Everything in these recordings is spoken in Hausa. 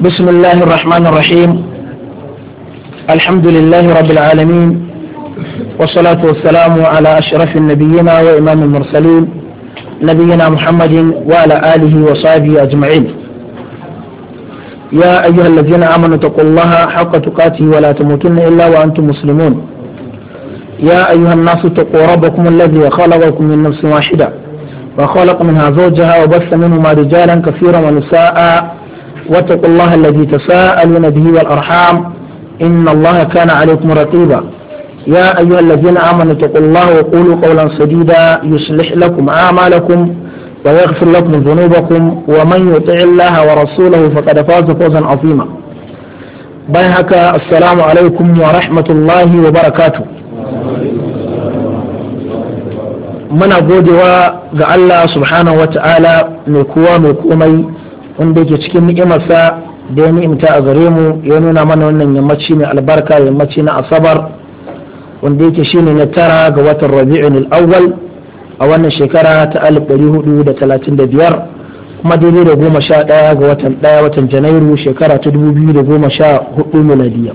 بسم الله الرحمن الرحيم الحمد لله رب العالمين والصلاة والسلام على أشرف النبيين وإمام المرسلين نبينا محمد وعلى آله وصحبه أجمعين يا أيها الذين آمنوا اتقوا الله حق تقاته ولا تموتن إلا وأنتم مسلمون يا أيها الناس اتقوا ربكم الذي خلقكم من نفس واحدة وخلق منها زوجها وبث منهما رجالا كثيرا ونساء واتقوا الله الذي تساءلون به والأرحام إن الله كان عليكم رقيبا يا أيها الذين آمنوا اتقوا الله وقولوا قولا سديدا يصلح لكم أعمالكم ويغفر لكم ذنوبكم ومن يطع الله ورسوله فقد فاز فوزا عظيما bayan السلام عليكم ورحمة الله وبركاته من أبو muna الله سبحانه وتعالى subhanahu wa wanda yake cikin ni'imarsa da ya ni'imta a gare mu ya nuna mana wannan yammaci mai albarka yammaci na asabar wanda yake shine na tara ga watan rabi'un al a wannan shekara ta 1435 kuma daidai da goma sha ɗaya ga watan ɗaya watan janairu shekara ta biyu da goma sha hudu miladiya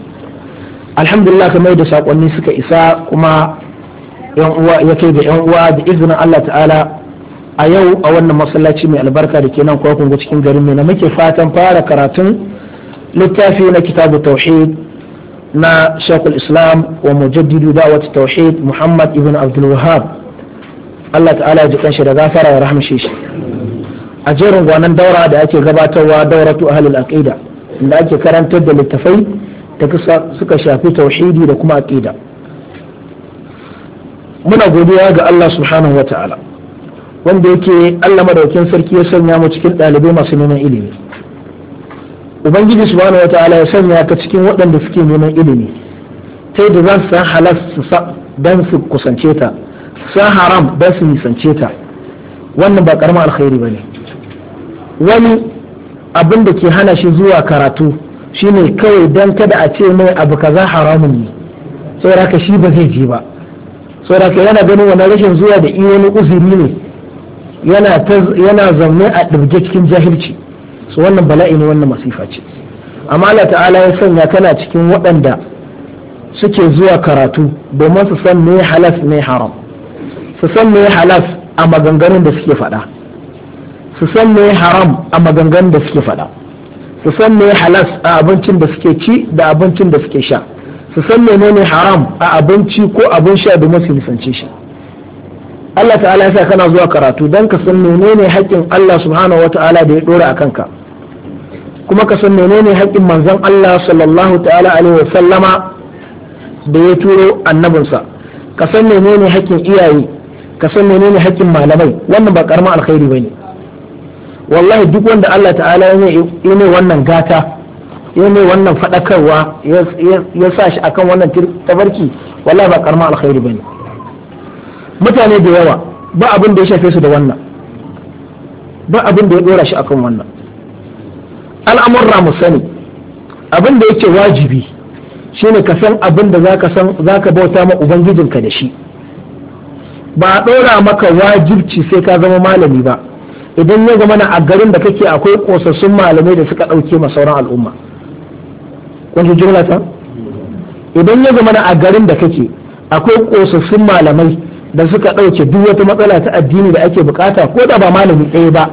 alhamdulillah kamar da sakonni suka isa kuma yan uwa ya kai ga yan uwa da izinin Allah ta'ala a yau a wannan masallaci mai albarka da ke nan kwakwun cikin garin mai na muke fatan fara karatun littafi na kitabu tauhid na shekul islam wa mujaddidu wata tauhid muhammad ibn abdul wahab allah ta'ala ya ji kanshi da gafara ya rahmshe shi a jerin gwanan daura da ake gabatarwa dauratu ahlul aqida inda ake karantar da littafai da suka shafi tauhidi da kuma aqida muna godiya ga allah subhanahu wa ta'ala wanda yake Allah madaukin sarki ya sanya mu cikin ɗalibai masu neman ilimi ubangiji subhanahu wataala ya sanya ka cikin waɗanda suke neman ilimi ta da za su san halal su su kusance ta san haram dan su nisance ta wannan ba karamar alkhairi bane wani abin da ke hana shi zuwa karatu shine kawai dan kada a ce mai abu kaza haramun ne saboda shi ba zai je ba saboda yana ganin wannan rashin zuwa da iya wani uzuri ne yana zaune a ɗirge cikin jahilci su wannan bala'i ne wannan masifa ce amma Allah ta'ala ya sanya kana cikin waɗanda suke zuwa karatu domin su san me halas me haram su san me halas a maganganun da suke faɗa su san me haram a maganganun da suke faɗa su san me halas a abincin da suke ci da abincin da suke sha su san menene haram a abinci ko abin sha domin su nisance shi Allah ta'ala ya sa kana zuwa karatu don ka san menene haƙƙin Allah subhanahu wa ta'ala da ya ɗora a kanka kuma ka san menene haƙƙin manzon Allah sallallahu ta'ala alaihi wa sallama da ya turo annabinsa ka san menene haƙƙin iyaye ka san menene haƙƙin malamai wannan ba karamin alkhairi bane wallahi duk wanda Allah ta'ala ya ne wannan gata ya ne wannan fadakarwa ya sa shi akan wannan tabarki wallahi ba karamin alkhairi bane mutane da yawa ba abin da ya shafe su da wannan ba abin da ya dora shi akan wannan al'amurra mu sani abin da yake wajibi shine ka san abin da zaka san zaka bauta ma ubangijinka da shi ba a dora maka wajibci sai ka zama malami ba idan ya zama na a garin da kake akwai kosassun malamai da suka ɗauke ma sauran al'umma kun ji jumla ta idan ya zama na a garin da kake akwai kosassun malamai da suka ɗauke duk wata matsala ta addini da ake bukata ko da ba malami ɗaya ba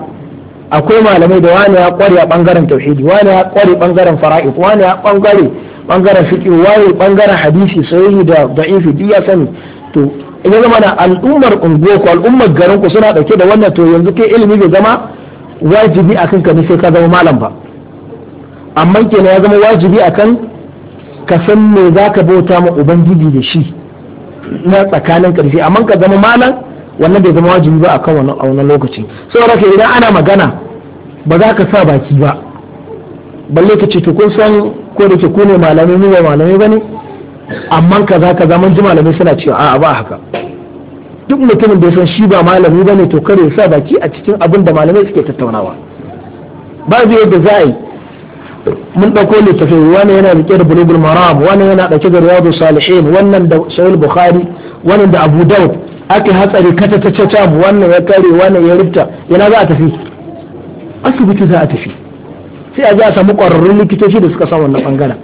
akwai malamai da wani ya ƙware a ɓangaren tauhidi wani ya ƙware ɓangaren fara'id wani ya ɓangare ɓangaren fiƙi wani ɓangaren hadisi sahihi da da'ifi duk ya sani to ina zama na al'ummar unguwa ko al'ummar garin ku suna ɗauke da wannan to yanzu kai ilimi bai zama wajibi akan ka ne sai ka zama malam ba amma kenan ya zama wajibi akan ka san me za ka bauta ma ubangiji da shi na tsakanin karshe amma ka zama malam wannan bai zama wajibi ba akan wannan a wannan lokaci saboda ke idan ana magana ba za ka sa baki ba balle ka ce to kun san ko da ke ku ne malamai mu ba malamai bane amma ka za ka zama ji malamai suna cewa a'a ba haka duk mutumin da ya san shi ba malami bane to kare ya sa baki a cikin abin da malamai suke tattaunawa babu yadda za a yi mun ɗauko littafin wani yana rike da bulugul maram wani yana ɗauke da riyadu salihin wannan da sahih bukhari wannan da abu daud aka hatsari kata ta caca wannan ya kare wannan ya rubta yana za a tafi asibiti za a tafi sai a je a samu ƙwararrun likitoci da suka san wannan bangaren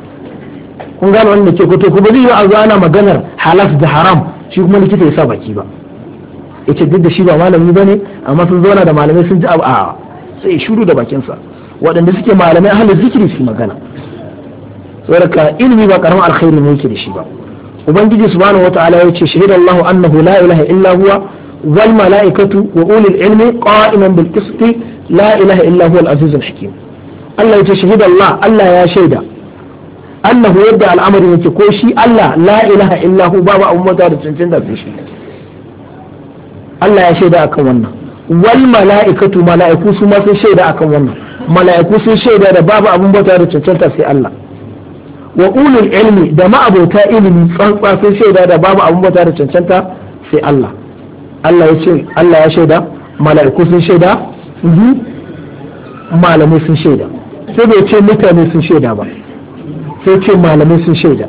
kun gano wannan ke ko to ku ba zai a zo ana maganar halas da haram shi kuma likita ya sa baki ba yace duk da shi ba malami bane amma sun zauna da malamai sun ji abu a sai shiru da bakinsa waɗanda suke malamai ahli zikiri su magana saboda ilimi ba karamin alkhairi ne yake da shi ba ubangiji subhanahu wataala ya ce shahidallahu annahu la ilaha illa huwa wal mala'ikatu wa ulul ilmi qa'iman bil qisti la ilaha illa huwa al azizul hakim Allah ya ce shahidallah Allah ya shaida annahu yadda al'amari yake ko shi Allah la ilaha illa hu babu abun mata da cancanta da shi Allah ya shaida akan wannan wal mala'ikatu mala'iku su ma sun shaida akan wannan mala'iku sun shaida da babu abin bauta da cancanta sai Allah wa ulul ilmi da ma'abota ilimi tsantsa sun shaida da babu abin bauta da cancanta sai Allah Allah ya ce Allah ya shaida mala'iku sun shaida malamai sun shaida sai bai ce mutane sun shaida ba sai ce malamai sun shaida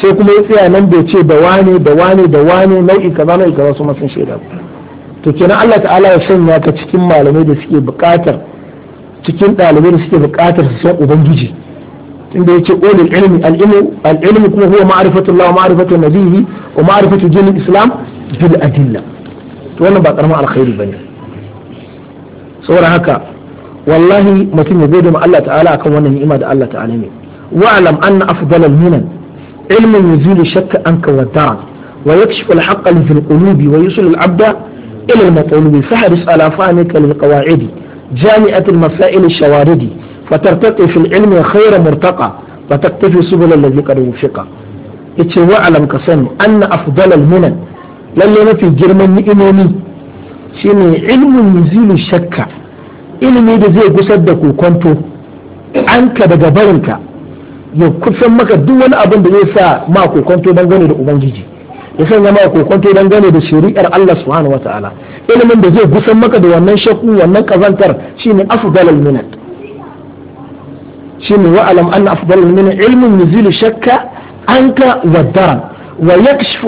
sai kuma ya tsaya nan bai ce da wani da wani da wani nau'i kaza nau'i kaza su ma sun shaida ba to kenan Allah ta'ala ya sanya ka cikin malamai da suke buƙatar cikin ɗalibai da suke buƙatar su san ubangiji inda yake ulul ilmi al-ilmi kuma huwa ma'rifatullah wa ma'rifatu nabiyhi wa ma'rifatu dinin islam bil adilla to wannan ba karamin alkhairi bane saboda haka wallahi mutum ya gode ma Allah ta'ala akan wannan ni'ima da Allah ta'ala ne wa'lam anna afdal al-minan ilmin yuzilu shakka anka wa dara wa yakshifu al-haqqa fil qulubi wa yusul al-abda ila al-matlubi fahris ala fahmika lil qawa'idi جامعة المسائل الشواردي فترتقي في العلم خير مرتقى وتكتفي سبل الذي قد وفق yace wa'alam ka sani anna afdalal minan lalle mafi girman ni'imomi shine ilmun yuzilu shakka ilimi da zai gusar da kokonto anka daga barinka ya kusan maka duk wani abin da zai sa ma kokonto dangane da ubangiji ya sanya ma kokonto dangane da shari'ar Allah subhanahu ilimin da zai gusan maka da wannan shakku wannan kazantar shine afdalul minan shine wa alam anna afdalul minat ilmun yuzilu shakka anka waddaran wa yakshifu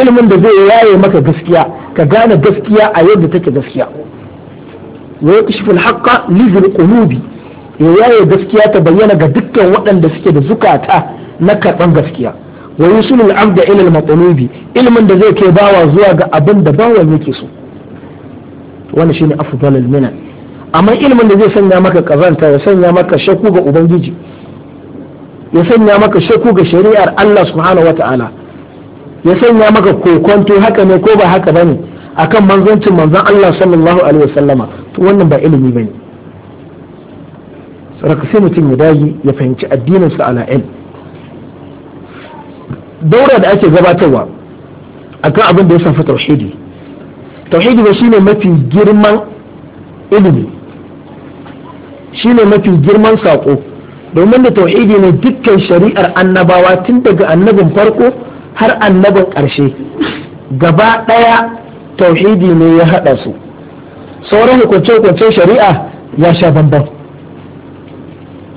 ilimin da zai yaye maka gaskiya ka gane gaskiya a yadda take gaskiya wa yakshifu alhaqa lizil qulubi ya yaye gaskiya ta bayyana ga dukkan waɗanda suke da zukata na karɓan gaskiya wa yusulul abda ila al-matlubi ilmin da zai kai bawa zuwa ga abin da bawan yake so shi shine afdalul minan amma ilimin da zai sanya maka kazanta ya sanya maka shakku ga ubangiji ya sanya maka shakku ga shari'ar Allah subhanahu wata'ala ya sanya maka kokonto haka ne ko ba haka bane akan manzancin manzon Allah sallallahu alaihi wasallama to wannan ba ilimi bane saraka sai mutum ya dagi ya fahimci addinin sa ala ilm daura da ake gabatarwa akan abin da ya shafi tauhidi tauhidi ba shine mafi girman ilimi shine mafi girman sako domin da tauhidi ne dukkan shari'ar annabawa tun daga annabin farko har annabin ƙarshe gaba ɗaya tauhidi ne ya haɗa su sauran hukunce-hukuncen shari'a ya sha bambam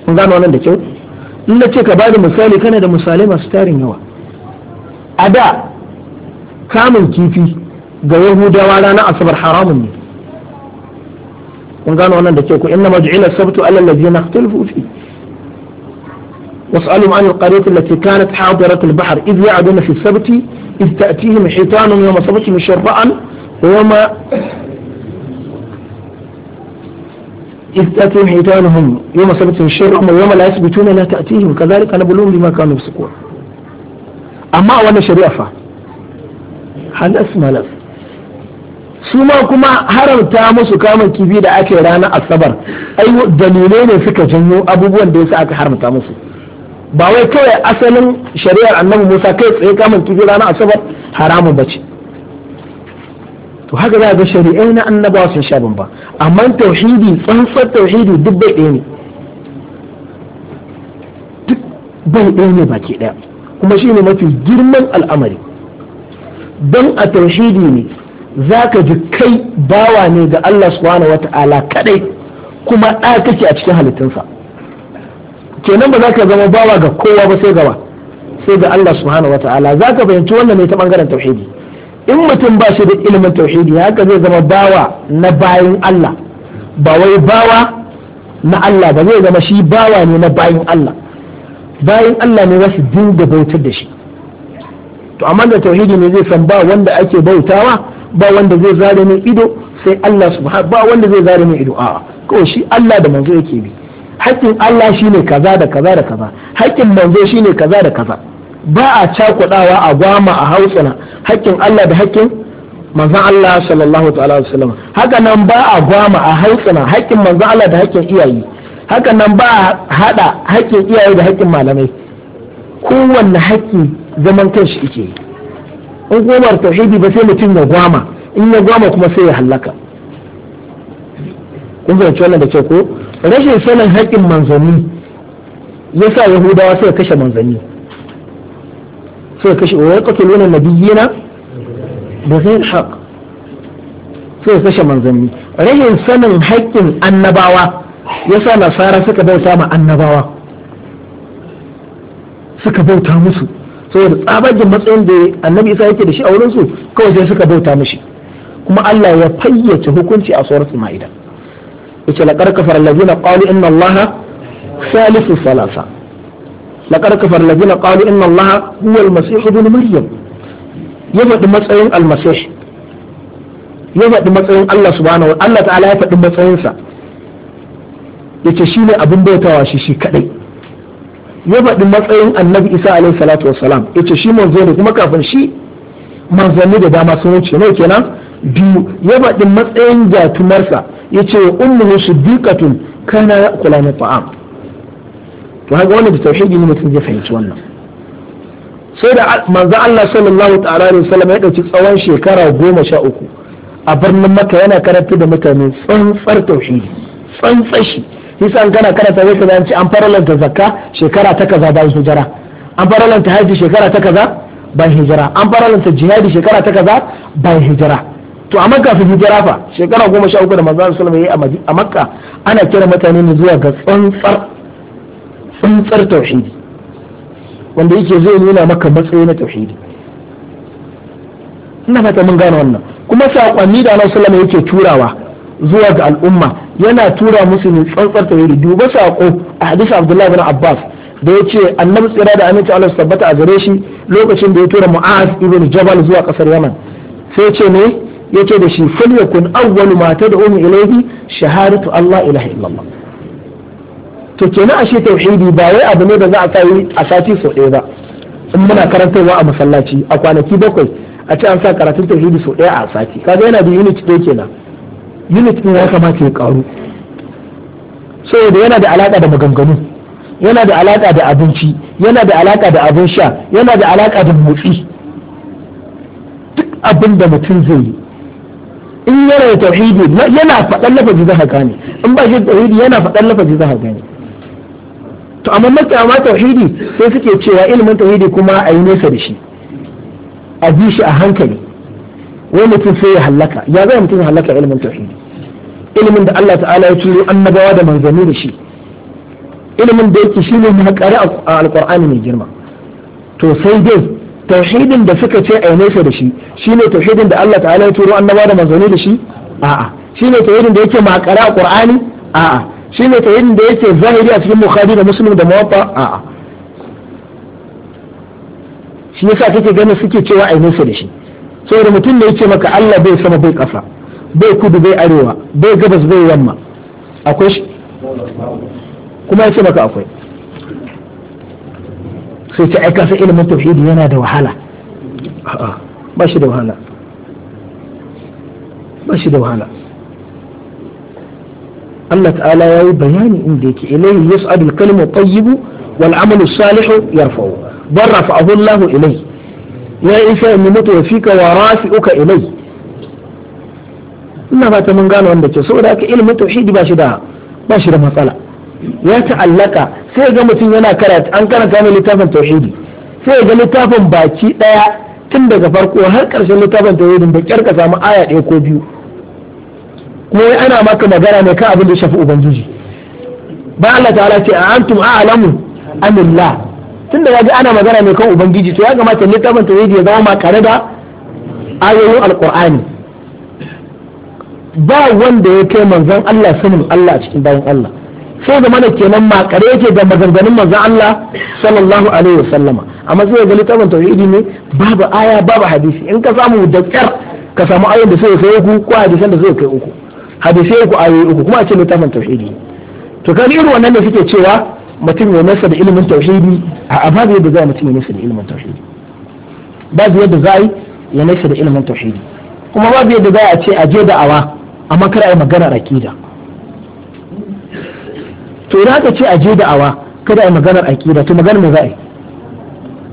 kun gano wannan da kyau in na ce ka ba da misali kana da misalai masu tarin yawa a da kamun kifi ga yahudawa ranar asabar haramun ne kun انا wannan da ke السبت inna الذين اختلفوا فيه ladina واسألهم عن القرية التي كانت حاضرة البحر إذ يعدون في السبت إذ تأتيهم حيتان يوم سبتهم شرعا ويوم إذ تأتيهم حيتانهم يوم سبتهم شرعا ويوم لا يسبتون لا تأتيهم كذلك انا نبلوهم بما كانوا يفسقون أما وأنا شريفة هذا اسمه لف su ma kuma haramta musu kamun kifi da ake ranar asabar ai dalilai ne suka janyo abubuwan da yasa aka haramta musu ba wai kawai asalin shari'ar annabi musa kai tsaye kamun kifi ranar asabar haramun ba ce to haka za ga shari'ai na annabawa sun sha ba amma tauhidi tsantsar tauhidi duk bai ɗaya ne duk bai ɗaya ne baki ɗaya kuma shine mafi girman al'amari don a tauhidi ne za ka ji kai bawa ne ga Allah subhanahu wata'ala kadai kuma ɗaya kake a cikin halittunsa kenan ba za ka zama bawa ga kowa ba sai gaba sai ga Allah subhanahu wata'ala za ka fahimci wannan ne ta ɓangaren tauhidi in mutum ba shi da ilimin tauhidi haka zai zama bawa na bayin Allah ba wai bawa na Allah ba zai zama shi bawa ne na bayin Allah bayin Allah ne za su dinga bautar da shi to amma da tauhidi ne zai san ba wanda ake bautawa ba wanda zai zare min ido sai Allah subhanahu ba wanda zai zare min ido a'a kawai shi Allah da manzo yake bi haƙƙin Allah shine kaza da kaza da kaza haƙƙin manzo shine kaza da kaza ba a cakudawa a gwama a na haƙƙin Allah da haƙƙin manzon Allah sallallahu ta'ala wasallam haka nan ba a gwama a na haƙƙin manzon Allah da haƙƙin iyaye haka nan ba a hada haƙƙin iyaye da haƙƙin malamai kowanne haƙƙi zaman kanshi yake yi in kuma ba tauhidi ba sai mutum ya gwama in ya gwama kuma sai ya hallaka kun fahimci wannan da ke ko rashin sanin haƙƙin manzanni ya sa yahudawa suka kashe manzanni suka kashe wa ya kake nuna nabiyyina da zai haƙ suka kashe manzanni rashin sanin haƙƙin annabawa ya sa nasara suka bauta ma annabawa suka bauta musu saboda tsabagen matsayin da annabi isa yake da shi a wurin su kawai sai suka bauta mishi kuma Allah ya fayyace hukunci a suratul maida yace laqad kafara allazina qalu inna allaha salisu salasa laqad kafara allazina qalu inna allaha huwa almasih ibn maryam ya faɗi matsayin almasih ya faɗi matsayin Allah subhanahu wa Allah ta'ala ya faɗi matsayinsa yace shine abin bautawa shi shi kadai ya faɗi matsayin annabi isa alaihi salatu wassalam ya ce shi manzo ne kuma kafin shi manzanni da dama sun wuce nau kenan biyu ya faɗi matsayin jatumarsa ya ce wa ummuhu siddiqatun kana kula na ta'am to haka wannan da tauhidi ne mutum zai fahimci wannan sai da manzo Allah sallallahu ta'ala alaihi wasallam ya dauki tsawon shekara goma sha uku a birnin maka yana karanta da mutane tsantsar tauhidi tsantsashi nisa an kana karanta zai kaza ce an faralanta zakka shekara ta kaza bayan hijira an faralanta haji shekara ta kaza bayan hijira an faralanta jihadi shekara ta kaza bayan hijira to a makka su hijira fa shekara goma sha uku da manzo sallallahu alaihi wasallam yayi a makka ana kira mutane ne zuwa ga tsantsar tsantsar tauhidi wanda yake zai nuna maka matsayi na tauhidi ina fata mun gane wannan kuma saƙonni da Allah sallallahu alaihi wasallam yake turawa zuwa ga al'umma yana tura musu ne tsantsar tauhidi duba sako a hadisi abdullahi bin abbas da ya ce annabi tsira da aminci allah tabbata a gare shi lokacin da ya tura mu'az ibn jabal zuwa kasar yaman sai ce ne ya ce da shi fal yakun awwalu ma tad'u ilayhi shahadatu allah ilaha illallah to kenan ashe tauhidi ba wai abu ne da za a kai a sati sau ɗaya ba in muna karantarwa a masallaci a kwanaki bakwai a ce an sa karatun tauhidi sau ɗaya a sati kaga yana da unit ɗaya kenan unit ɗin ya kamata ya ƙaru saboda yana da alaƙa da maganganu yana da alaƙa da abinci yana da alaƙa da abin sha yana da alaƙa da motsi duk abin da mutum zai yi in yana da tauhidi yana faɗan lafazi za ka gane in ba shi da tauhidi yana faɗan lafazi za ka gane to amma makama tauhidi sai suke cewa ilimin tauhidi kuma a yi nesa da shi a bi shi a hankali wai mutum sai ya hallaka ya zai mutum ya hallaka ilimin tauhidi ilimin da Allah ta'ala ya turo annabawa da manzanni da shi ilimin da yake shine muhakkari a alqur'ani mai girma to sai dai tauhidin da suka ce a nesa da shi shine tauhidin da Allah ta'ala ya turo annabawa da manzanni da shi a'a shine tauhidin da yake maƙara a ƙur'ani? a'a shine tauhidin da yake zahiri a cikin bukhari da muslim da muwatta a'a shi yasa kake ganin suke cewa a nesa da shi saboda mutum da yake maka Allah bai sama bai kasa bai kudu bai arewa bai gabas bai yamma akwai shi kuma ya ce maka akwai sai ce aika sai ilimin tauhidi yana da wahala ba shi da wahala ba shi da wahala Allah ta'ala ya yi bayani inda yake ilaihi yas'adu al-kalimu tayyibu wal amalu salihu ya yarfa'u barrafa'ahu Allah ilai ya isa in mutu wa fika wa rafi uka ilai. ina fata mun gane wanda ce saboda haka ilimin tauhidi ba shi da ba shi da matsala ya ta'allaka sai ga mutum yana karatu an karanta mai littafin tauhidi sai ga littafin baki daya tun daga farko har karshen littafin tauhidi da kyar ka samu aya ɗaya ko biyu kuma ana maka magana ne kan abin da shafi ubangiji ba Allah ta'ala ce a antum a'lamu amillah tun da ga ana magana ne kan ubangiji to ya kamata littafin tauhidi ya zama makare da ayoyin alqur'ani ba wanda ya kai manzon Allah sanin Allah a cikin bayan Allah sai da mana kenan makare yake da maganganun manzon Allah sallallahu alaihi wasallama amma sai ga littafin tauhidi ne babu aya babu hadisi in ka samu da ka samu ayoyin da sai sai uku ko hadisan da sai kai uku hadisai ku ayoyi uku kuma a ce littafin tauhidi to kan irin wannan da suke cewa mutum ya nasa da ilimin tauhidi a babu yadda za mutum ya nasa da ilimin tauhidi babu yadda za ya nasa da ilimin tauhidi kuma babu yadda za a ce a je da'awa amma kar a yi maganar aƙida to idan aka ce a je da'awa kada a yi maganar aƙida to maganar me za a yi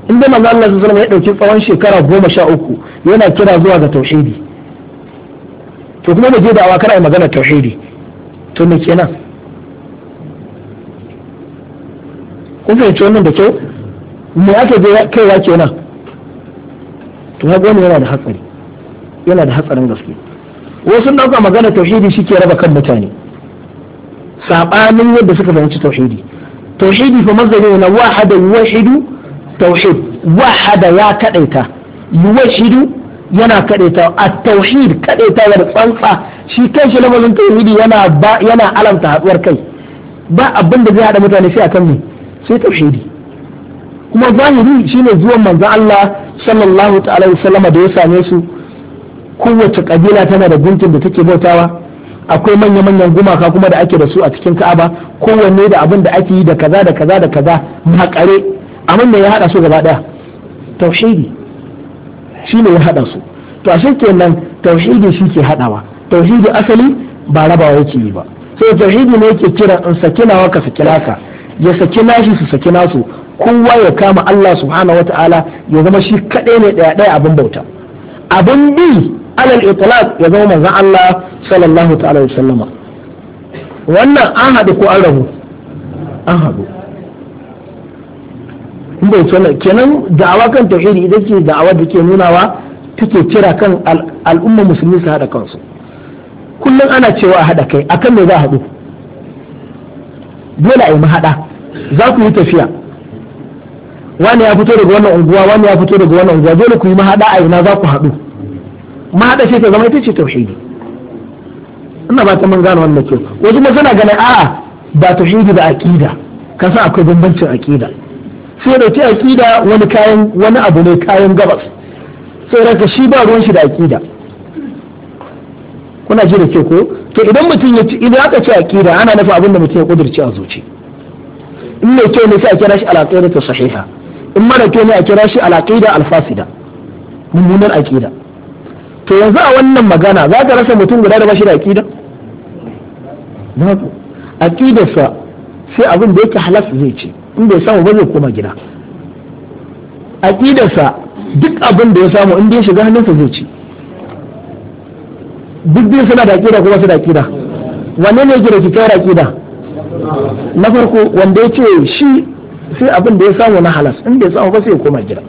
in dai manzo Allah sallallahu ya dauki tsawon shekara goma sha uku yana kira zuwa ga tauhidi to kuma da je da'awa kada a yi maganar tauhidi to me kenan kun fahimci wannan da kyau me ake je kaiwa kenan to ga ne yana da hatsari yana da hatsarin gaske wasu ɗauka magana tauhidi shi ke raba kan mutane saɓanin yadda suka fahimci tauhidi tauhidi fa mazari na wahada yuwahidu tauhid wahada ya kadaita yuwahidu yana kadaita a tauhid kadaita da tsantsa shi kai shi lamarin tauhidi yana ba yana alamta haduwar kai ba abin da zai hada mutane sai akan me sai tauhidi kuma zahiri shine zuwan manzon Allah sallallahu ta'ala wasallama da ya same su kowace kabila tana da gunkin da take bautawa akwai manya-manyan gumaka kuma da ake da su a cikin ka'aba kowanne da abin da ake yi da kaza da kaza da kaza makare abin da ya hada su gaba daya tauhidi shi ne ya hada su to ashe kenan tauhidi shi ke hadawa tauhidi asali ba rabawa yake yi ba sai tauhidi ne yake kira in sakinawa ka sakinaka, ya saki nashi su saki nasu kowa ya kama Allah subhanahu wataala ya zama shi kadai ne daya daya abin bauta abin bi alal itlaq ya zama manzon Allah sallallahu ta'ala wa sallama wannan an hadu ko an rabu an hadu inda yake wannan kenan da'awa kan tauhidi idan ce da'awa da ke nunawa take kira kan al'umma musulmi su hada kansu kullum ana cewa a hada kai akan me za a hadu dole a yi mahaɗa za ku yi tafiya wani ya fito daga wannan unguwa wani ya fito daga wannan unguwa dole ku yi mahaɗa a ina za ku haɗu ma da shi ta zama ita ce tauhidi ina ba ta mun gane wannan kyau wasu ma suna ganin a'a ba tauhidi da aqida ka sa akwai bambancin aqida sai da ce aqida wani kayan wani abu ne kayan gabas sai ranka shi ba ruwan shi da aqida kuna ji da kyau ko to idan mutum ya ci idan aka ce aqida ana nufin abin da mutum ya kudurci a zuci in mai kyau ne sai a kira shi al ta sahiha in mara kyau ne a kira shi al alfasida mummunar aqida to yanzu a wannan magana za ka rasa mutum guda da bashi da aqida babu aqidarsa sai abin da yake halas zai ce in bai samu ba zai koma gida aqidarsa duk abin da ya samu in ya shiga hannunsa zai ci duk biyu suna da aqida kuma su da aqida wanne ne yake da kyakkyawar aqida na farko wanda ya ce shi sai abin da ya samu na halas in bai samu ba sai ya koma gida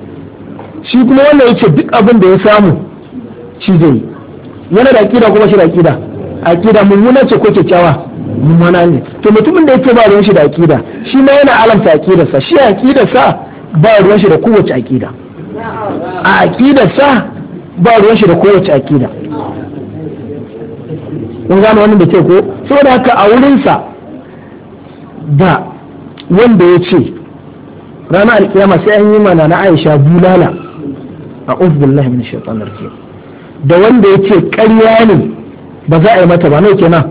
shi kuma wanda ya ce duk abin da ya samu shi zai yana da aƙida kuma shi da aƙida aƙida mummuna ce ko kyakkyawa mummuna ne to mutumin da yake ba ruwan shi da aƙida shi ma yana alamta aƙidarsa shi aƙidarsa ba ruwan shi da kowace aƙida a aƙidarsa ba ruwan shi da kowace aƙida kun gano wannan da ke ko saboda haka a wurinsa da wanda ya ce ranar alkiyama sai an yi mana na aisha bulala a uzbillahi lahimin shaitanir ke. da wanda ya ce ƙarya ne ba za a yi mata ba nau kenan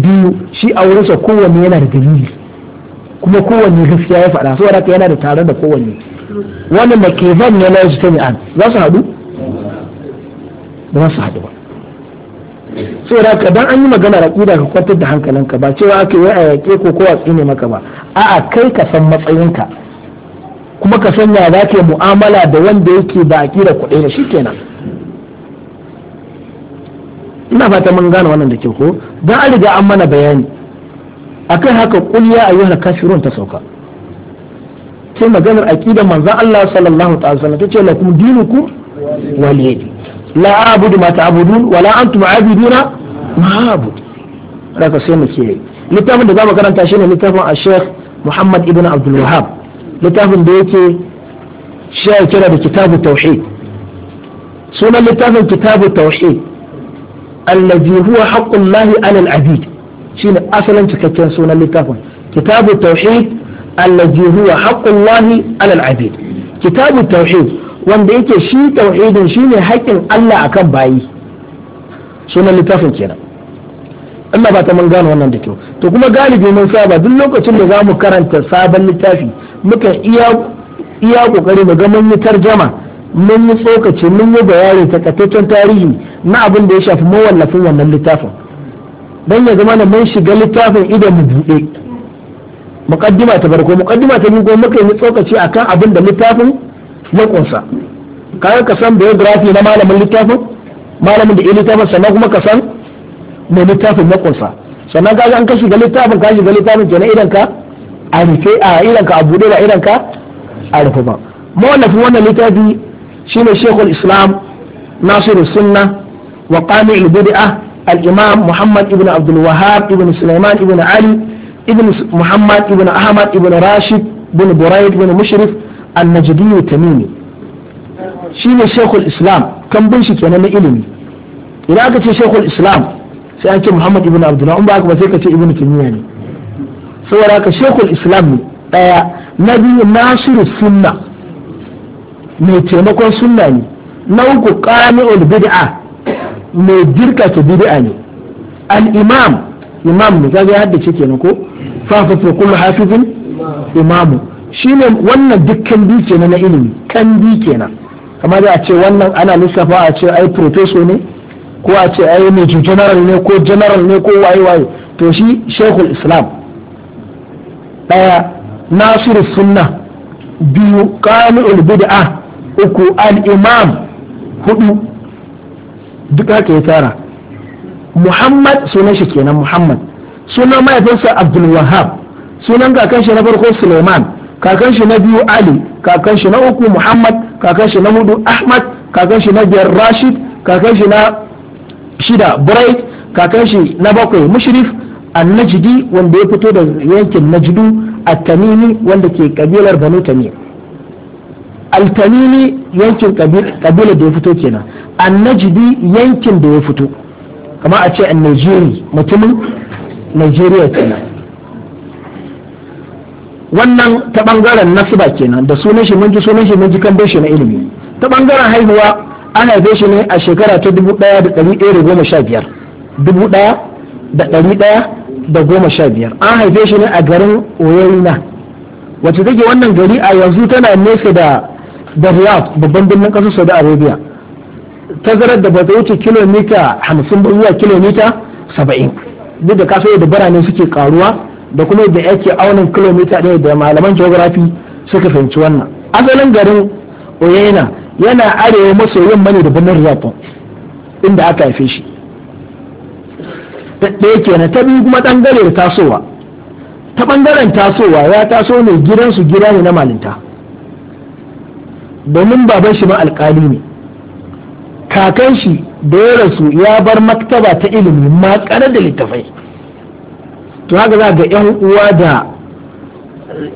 biyu shi a wurinsa kowanne yana da dalili kuma kowanne gaskiya ya faɗa saboda haka yana da tare da kowanne wani da ke zan ne na yasu ta za su haɗu ba za su haɗu ba saboda haka dan an yi magana da ƙida ka kwantar da hankalinka ba cewa ake wai a yaƙe ko kowa tsine maka ba a'a kai ka san matsayinka kuma ka sanya za ka yi mu'amala da wanda yake da aƙida kuɗi da shi kenan ina fata mun gane wannan da ke ko da an riga an mana bayani akan haka qul ya ayyuhal kafirun ta sauka sai maganar aqidar manzon Allah sallallahu ta'ala sallam tace lakum dinukum waliyadi la a'budu ma ta'budun wa la antum abiduna ma a'budu daga sai mu ke littafin da zamu karanta shine littafin a Sheikh Muhammad ibn Abdul Wahhab littafin da yake shi ya kira da kitabu tauhid sunan littafin kitabu tauhid allazi huwa haqqullahi alal abid shi ne asalin cikakken sunan littafin kitabu tauhid allazi huwa haqqullahi alal abid kitabu tauhid wanda yake shi tauhidin ne haƙƙin Allah akan bayi sunan littafin kenan Allah ba ta mun gano wannan da kyau to kuma galibi mun saba duk lokacin da za mu karanta sabon littafi muka iya iya kokari mu ga mun yi tarjama mun yi tsokaci mun yi bayani takaitaccen tarihi na abin da ya shafi mawallafin wannan littafin don ya zama mun shiga littafin idan mu buɗe mukaddima ta farko mukaddima ta biyu kuma muka yi tsokaci akan abin da littafin ya kunsa kayan ka san biography na malamin littafin malamin da ya littafin sannan kuma ka san mai littafin ya kunsa sannan kaga an ka shiga littafin ka shiga littafin kenan idan ka a rufe a idan ka a buɗe ba idan ka a rufe ba mawallafin wannan littafi shine shekul islam nasiru sunna wa qami al-bid'ah al-imam muhammad ibn abdul ibn sulaiman ibn ali ibn muhammad ibn ahmad ibn rashid ibn burayd ibn mushrif an-najdi tamimi shine shekul islam kan bin shi na ilimi Ina aka ce shekul islam sai an ce muhammad ibn abdullah in ba ka ce ibn timiya ne shekul islam ne ɗaya na biyu nasiru sunna mai taimakon sunna ne na uku qami'ul bid'a mai jirka ta bid'a ne al-imam imam ne ga ya haddace kenan ko fa fa kullu hafizin imamu shine wannan dukkan bi kenan na ilimi kan bi kenan kamar da a ce wannan ana lissafa a ce ai professor ne ko a ce ai mai general ne ko general ne ko waye waye to shi shekul islam daya nasiru sunna biyu qami'ul bid'a uku al-imam hudu duk haka ya tara muhammad sunan shi kenan muhammad sunan mahaifinsa abdul wahab sunan kakan shi na farko suleiman kakan shi na biyu ali kakan shi na uku muhammad kakan shi na hudu ahmad kakan shi na biyar rashid kakan shi na shida bright kakan shi na bakwai mushrif annajidi wanda ya fito da yankin najdu at-tamimi wanda ke kabilar banu tamim altanini yankin kabila da ya fito kenan najidi yankin da ya fito kama a ce an najeri mutumin najeriya kenan wannan ta bangaren nasiba kenan da sunan shi mun ji sunan shi mun ji kan shi na ilimi ta bangaren haihuwa an haife shi ne a shekara ta dubu ɗaya da ɗari ɗaya da goma sha biyar dubu ɗaya da ɗari ɗaya da goma sha biyar an haife shi ne a garin oyoyina Wace take wannan gari a yanzu tana nesa da da riyad babban birnin kasar saudi arabia tazarar da ba ta wuce kilomita hamsin ba zuwa kilomita saba'in duk da kasuwa da birane suke karuwa da kuma da yake aunin kilomita ɗaya da malaman geography suka fahimci wannan asalin garin oyena yana arewa maso yamma ne da birnin riyad inda aka haife shi ɗaya kenan ta biyu kuma ɗangare da tasowa ta ɓangaren tasowa ya taso ne gidansu gida ne na malinta domin baban shi ma alƙali ne kakan shi da ya rasu ya bar maktaba ta ilimi makarar da littafai to haka za ga yan uwa da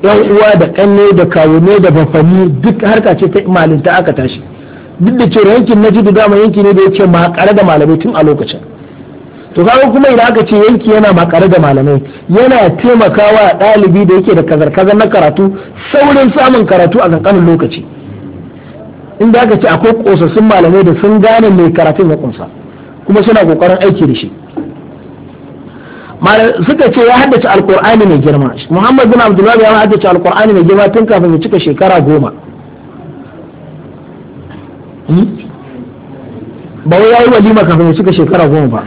yan uwa da kanne da kawune da bafani duk harka ce ta malinta aka tashi duk da cewa yankin na jidu dama yanki ne da yake makare da malamai tun a lokacin to kaga kuma idan aka ce yanki yana makare da malamai yana taimakawa ɗalibi da yake da kazar-kazar na karatu saurin samun karatu a kankanin lokaci inda aka ce akwai kosassun malamai da sun gane mai karatun ya kunsa kuma suna kokarin aiki da shi suka ce ya haddace alkur'ani mai girma muhammad bin abdullahi ya haddace alkur'ani mai girma tun kafin ya cika shekara goma hmm? ba wai yayi walima kafin ya cika shekara goma ba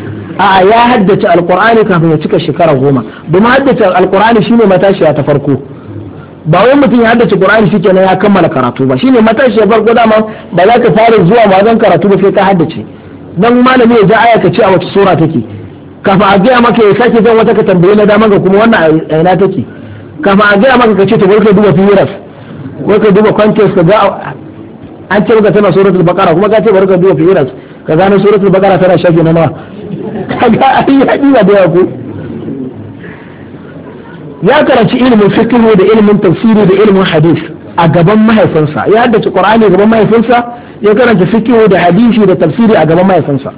a'a ya haddace alkur'ani kafin ya cika shekara goma domin haddace alkur'ani shine matashiya ta farko ba wai mutum ya haddace qur'ani kenan ya kammala karatu ba shine matashi ya farko dama ba za ka fara zuwa zan karatu ba sai ka haddace dan malami ya ja aya ka ce a wace sura take kafa a ga maka ya sake zan wata ka tambaye na dama ga kuma wannan aina take kafa a ga maka ka ce ta ka duba firas wai ka duba kwantes ka ga an ce ga tana suratul baqara kuma ka ce bari ka duba firas ka gano suratul baqara tana shafi na nawa kaga ai ya diba da yawa ya karanci ilimin fiqh da ilimin tafsiri da ilimin hadis a gaban mahaifinsa ya haddace qur'ani gaban mahaifinsa ya karanta fiqh da hadisi da tafsiri a gaban mahaifinsa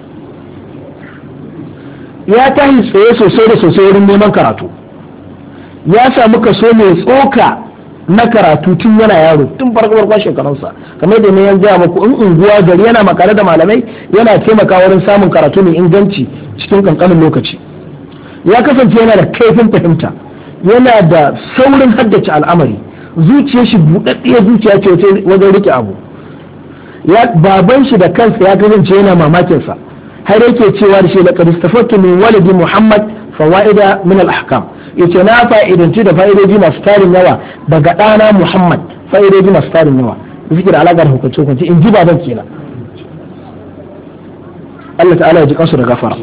ya tahi tsaye sosai da sosai wurin neman karatu ya samu kaso mai tsoka na karatu tun yana yaro tun farko farko shekarunsa kamar da ne ya gaya muku in unguwa gari yana makare da malamai yana taimaka wurin samun karatu mai inganci cikin kankanin lokaci ya kasance yana da kaifin fahimta yana da saurin haddace al'amari zuciya shi buɗaɗɗiya zuciya ce wajen rike abu baban shi da kansa ya kasance yana mamakinsa har yake cewa da shi da kadistafatu min walidi muhammad fawaida min al-ahkam yace na fa'idanci da fa'idoji masu tarin yawa daga ɗana muhammad fa'idoji masu tarin yawa zikir da hukunci hukunci in ji baban kenan Allah ta'ala ya ji kansu da gafara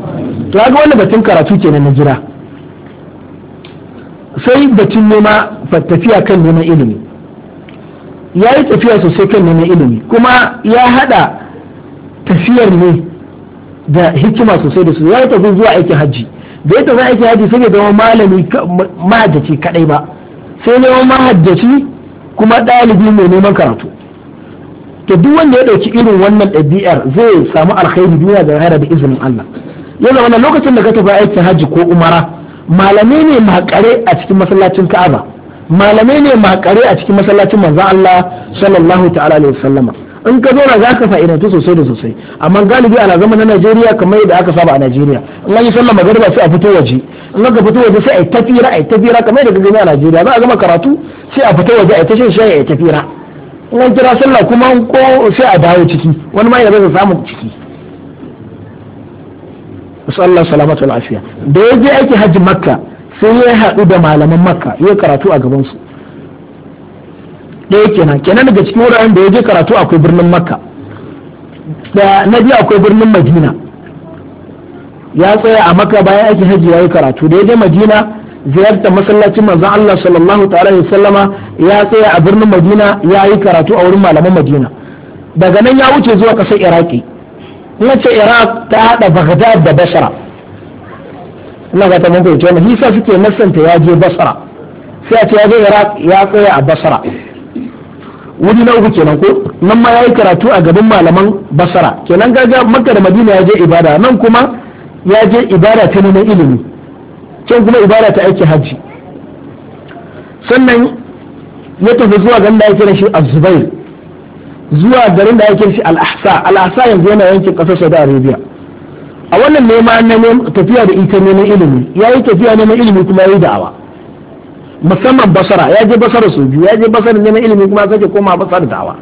to ga wannan batun karatu kenan na jira sai batun nema tafiya kan neman ilimi ya yi tafiya sosai kan neman ilimi kuma ya hada tafiyar ne da hikima sosai da su ya yi tafi zuwa aikin hajji da ya tafi aikin hajji sai zama malami mahajjaci kadai ba sai ne mahajjaci kuma ɗalibi mai neman karatu to duk wanda ya ɗauki irin wannan ɗabi'ar zai samu alkhairi duniya da lahira da izinin Allah da zama lokacin da ka tafi aikin hajji ko umara malamai ne makare a cikin masallacin ka'aba malamai ne makare a cikin masallacin manzo Allah sallallahu ta'ala alaihi wasallama in ka zauna za ka fa'idantu sosai da sosai amma galibi ana zama na Najeriya kamar yadda aka saba a Najeriya in an yi garba garba sai a fito waje in aka fito waje sai a yi tafira a yi tafira kamar yadda gani a Najeriya za a gama karatu sai a fito waje a yi tashin shayi a yi tafira in an kira sallah kuma ko sai a dawo ciki wani ma ya zai samu ciki musallar salamatul afiya da ya je aiki hajji makka sai ya haɗu da malaman makka ya karatu a gabansu ɗaya kenan kenan daga cikin wuraren da ya je karatu akwai birnin makka da na biyu akwai birnin madina ya tsaya a makka bayan aiki hajji ya yi karatu da ya je madina ziyartar masallacin manzon Allah sallallahu ta'ala Wa sallama ya tsaya a birnin madina ya yi karatu a wurin malaman madina daga nan ya wuce zuwa ƙasar iraki Mace iraq ta haɗa baghdad da basra ina ga ta ya ce hisa suke masanta ya je basra sai ce ya je iraq ya tsaya a basra wuri na uku kenan ko nan ma yayi karatu a gaban malaman basra kenan gaga makka da madina ya je ibada nan kuma ya je ibada ta neman ilimi can kuma ibada ta aiki hajji sannan ya tafi zuwa ganda da ya kira shi az-zubair zuwa garin da ake shi al-ahsa al-ahsa yanzu yana yankin kasar Saudi Arabia a wannan nema na tafiya da ita neman ilimi ya yi tafiya neman ilimi kuma ya yi da'awa musamman basara ya je basara su biyu ya je basara neman ilimi kuma sake koma basara da'awa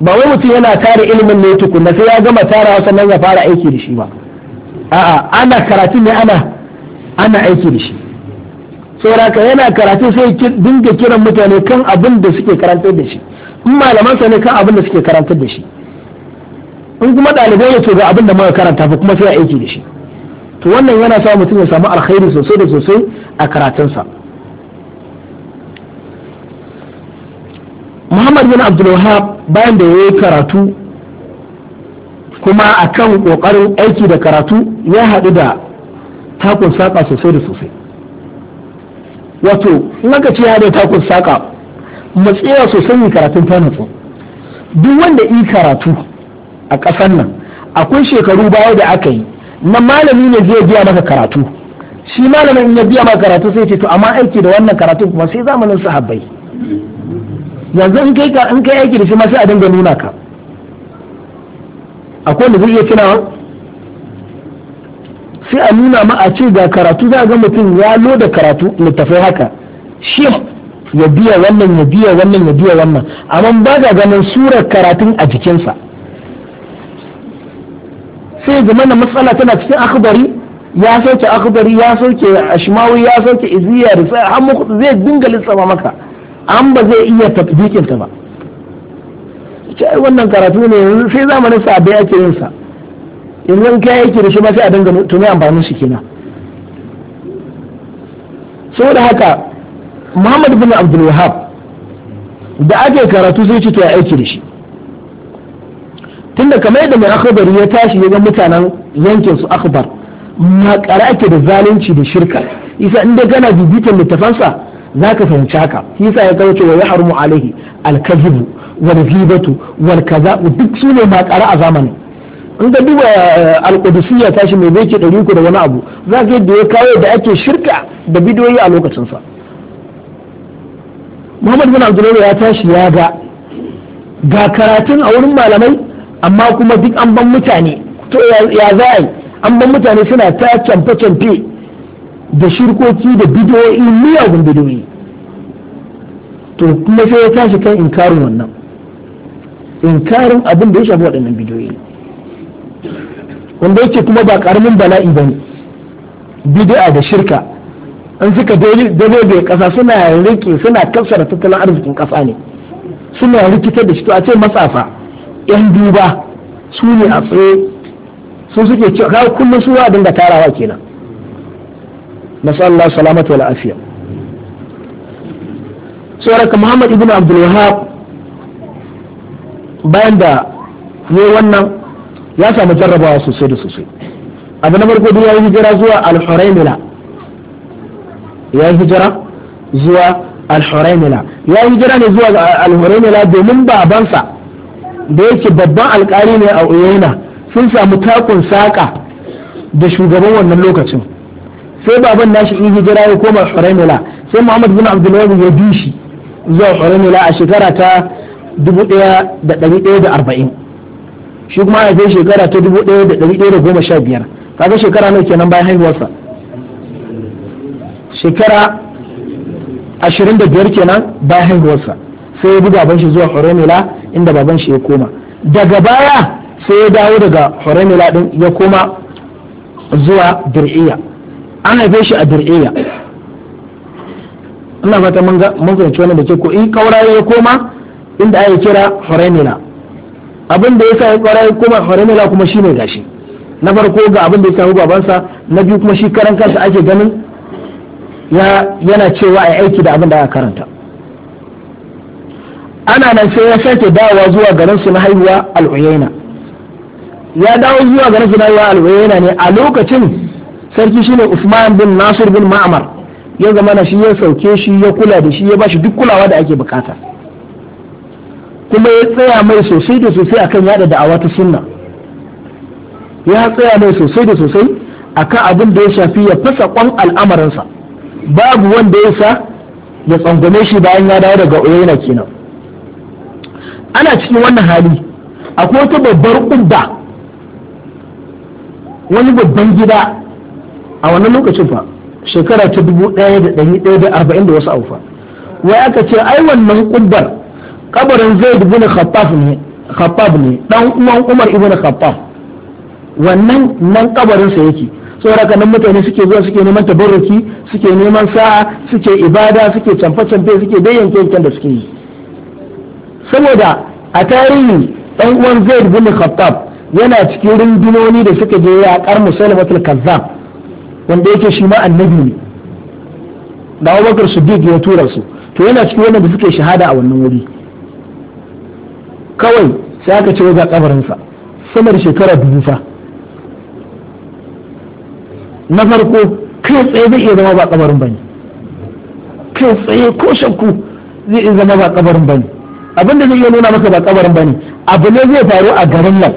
ba wai mutum yana tara ilimin ne tukunna sai ya gama tara sannan ya fara aiki da shi ba a'a ana karatu ne ana ana aiki da shi saboda yana karatu sai dinga kiran mutane kan abin da suke karantar da shi in malamansa ne kan abin da suke karantar da shi in kuma ɗalibai ya to ga abin da muka karanta fa kuma sai a aiki da shi to wannan yana sa mutum ya samu alkhairi sosai da sosai a karatunsa muhammad bin abdulwahab bayan da ya yi karatu kuma akan kokarin aiki da karatu ya haɗu da takun saƙa sosai da sosai wato in aka ce ya haɗu da takun saƙa matsewa sosai yi karatun ta nutsu duk wanda yi karatu a ƙasar nan akwai shekaru baya da aka yi na malami ne zai biya maka karatu shi malamin ya biya maka karatu sai ce to amma aiki da wannan karatu kuma sai zamanin sahabbai yanzu in kai in kai aiki da shi ma sai a dinga nuna ka akwai da zai iya tunawa sai a nuna ma a ce ga karatu za a ga mutum ya loda karatu littafai haka shi ya biya wannan ya biya wannan ya biya wannan amma ba ga ganin surar karatun a jikinsa sai ga mana matsala tana cikin akubari ya sauke akubari ya sauke ashmawi ya sauke iziya da sai an muku zai dinga lissafa maka an ba zai iya tatbikin ta ba ai wannan karatu ne sai zamanin sa bai ake yin sa ran kai yake da shi ba sai a dinga tuni amfanin shi kenan saboda haka muhammad bin abdul wahab da ake karatu sai ce to ya aiki da shi tunda kamar yadda mai akhbar ya tashi ya ga mutanen yankin su akhbar makara ake da zalunci da shirka isa inda gana bibitan littafansa za ka fahimci haka isa ya kawo cewa ya harmu alaihi alkazibu wal ghibatu wal kaza duk sune ne makara a zamanin in ka duba eh, alqudusiyya tashi mai zai ke ɗari uku da wani abu za ka yadda ya kawo da ake shirka da bidiyoyi a lokacinsa muhammad bin abdullahi ya tashi ya ga ga karatun a wurin malamai amma kuma duk an ban mutane to ya za a yi an ban mutane suna ta canfe-canfe da shirkoki da bidoyi miyagun bidiyoyi to kuma sai ya tashi kan inkarin wannan inkarin abin da ya shafi waɗannan bidiyoyi wanda yake kuma ba ƙaramin bala'i ba ne bid'a da shirka in suka da kasa suna rike suna kafsara tattalin arzikin kasa ne suna rikitar da shi to a ce matsafa yan duba su ne a tsaye sun suke ce kullum su wa'adin da tarawa kenan masu Allah salamatu wa afiya tsoraka Muhammad ibn Abdul Wahab bayan da ne wannan ya samu jarrabawa sosai da sosai abu na farko duniya ya yi jira zuwa al-Huraymila ya yi hijira zuwa al-huraimila ya yi hijira ne zuwa al-huraimila domin babansa da yake babban alkali ne a uyaina sun samu takun saƙa da shugaban wannan lokacin sai baban nashi in hijira ya koma huraimila sai muhammad bin abdullahi ya bi shi zuwa huraimila a shekara ta 1140 shi kuma ya kai shekara ta 1115 kaga shekara nawa kenan bayan haihuwarsa shekara ashirin da biyar kenan bayan haihuwarsa sai ya buga baban shi zuwa horomila inda baban shi ya koma daga baya sai ya dawo daga horomila din ya koma zuwa dir'iya an haife shi a dir'iya ina fata mun fahimci wannan da ke ko in kaura ya koma inda ake kira horomila abin da ya sa ya ya koma horomila kuma shine gashi na farko ga abin da ya samu babansa na biyu kuma shi karan kansa ake ganin yana cewa a aiki da abin da aka karanta ana nan sai ya sake dawowa zuwa garin su na haihuwa al'uyaina ya dawo zuwa garin su na haihuwa al'uyaina ne a lokacin sarki shine Usman bin Nasir bin Ma'mar ya zama na shi ya sauke shi ya kula da shi ya ba shi duk kulawa da ake bukata kuma ya tsaya mai sosai da sosai akan yada da'awa ta sunna ya tsaya mai sosai da sosai akan abin da ya shafi ya fasa kwan al'amarinsa babu wanda ya sa ya tsangwame shi bayan ya dawo daga yana kenan ana cikin wannan hali akwai wata babbar ƙudda wani babban gida a wannan lokacin fa shekara ta dubu ɗaya da ɗari ɗaya da arba'in da wasu aufa wai aka ce ai wannan ƙuddar kabarin zai dubu ne khattaf ne dan uwan umar ibn khattaf wannan nan kabarin yake saboda nan mutane suke zuwa suke neman tabarruki suke neman sa'a suke ibada suke camfe-camfe suke dai yanke da suke yi saboda a tarihi dan uwan zaid bin khattab yana cikin rundunoni da suka je yaƙar musalmatul kazzab wanda yake shi ma annabi ne da Abubakar Siddiq ya tura su to yana cikin wannan da suke shahada a wannan wuri kawai sai aka ce ga kabarinsa samar shekara dubu fa na farko kai tsaye zai iya zama ba kabarin bane kai tsaye ko shakku zai iya zama ba kabarin bane abinda zai iya nuna maka ba kabarin bane abu ne zai faru a garin nan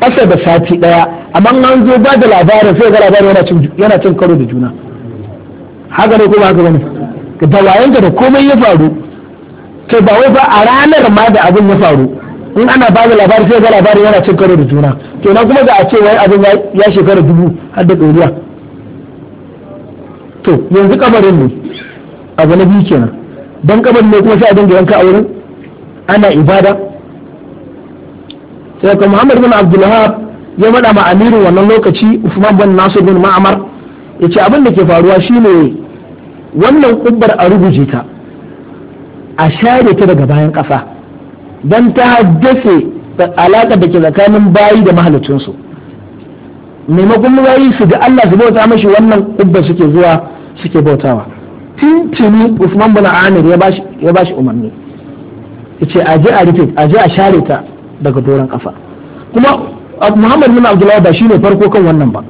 kasa da sati ɗaya amma an zo ba da labarin sai ga labarin yana cin karo da juna haka ne ko ba haka bane da wayan da komai ya faru kai ba wai ba a ranar ma da abin ya faru in ana ba da labarin sai ga labarin yana cin karo da juna kenan kuma da a ce wai abin ya shekara dubu har da ɗoriya to yanzu kabarin ne abu na biyu kenan don kabarin ne kuma sai a dinga yanka a wurin ana ibada sai ka Muhammad bin Abdulhab ya mada ma amirin wannan lokaci Usman bin Nasir bin ya ce abin da ke faruwa shine wannan kubbar a rubuce ta a share ta daga bayan kasa don ta da alaƙa da ke tsakanin bayi da mahalicinsu maimakon bayi su ga Allah su bauta mashi wannan kubbar suke zuwa suke bautawa tintini Usman bin Amir ya bashi ya bashi umarni yace ce aje a rufe a share ta daga doron kafa kuma Muhammad bin Abdullah ba shine farko kan wannan ba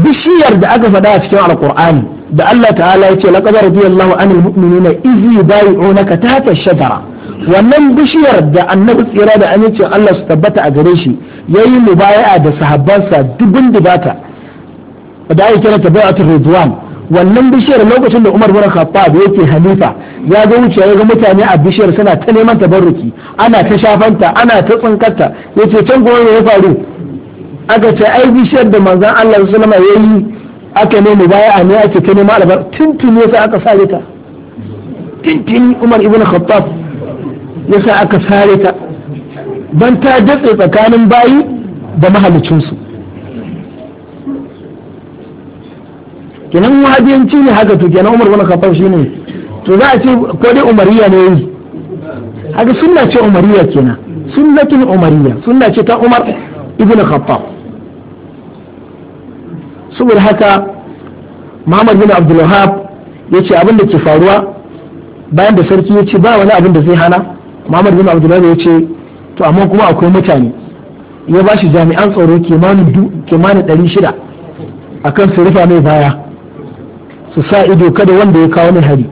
bishiyar da aka faɗa a cikin alkur'ani da Allah ta'ala ya ce laqad radiyallahu anil mu'minina izi yubayi'unaka tahta shajara wannan bishiyar da annabi tsira da amincin Allah su tabbata a gare shi yayi mubaya'a da sahabbansa dubun dubata da ake kira tabi'atul ridwan wannan bishiyar lokacin da Umar bin Khattab yake halifa ya ga wuce ya ga mutane a bishiyar suna ta neman tabarruki ana ta shafanta ana ta tsinkarta yace can gobe ya faru aka ce ai bishiyar da manzon Allah sallallahu alaihi wasallam yayi aka ne mu baya a ne ake ta neman albar tuntun yasa aka sare ta tuntun Umar ibn Khattab yasa aka sare ta dan ta datse tsakanin bayi da mahalicinsu kenan wahabiyanci ne haka to kenan umar bin shi shine to za a ce ko dai umariya ne yi haka sunna ce umariya kenan sunnatul umariya sunna ce ta umar ibn khattab saboda haka Muhammad bin Abdul ya yace abin da ke faruwa bayan da sarki ya ce ba wani abin da zai hana Muhammad bin Abdul Wahab ya ce to amma kuma akwai mutane ya ba shi jami'an tsaro kimanin kimanin 600 akan su rufa mai baya su sa ido kada wanda ya kawo ni hari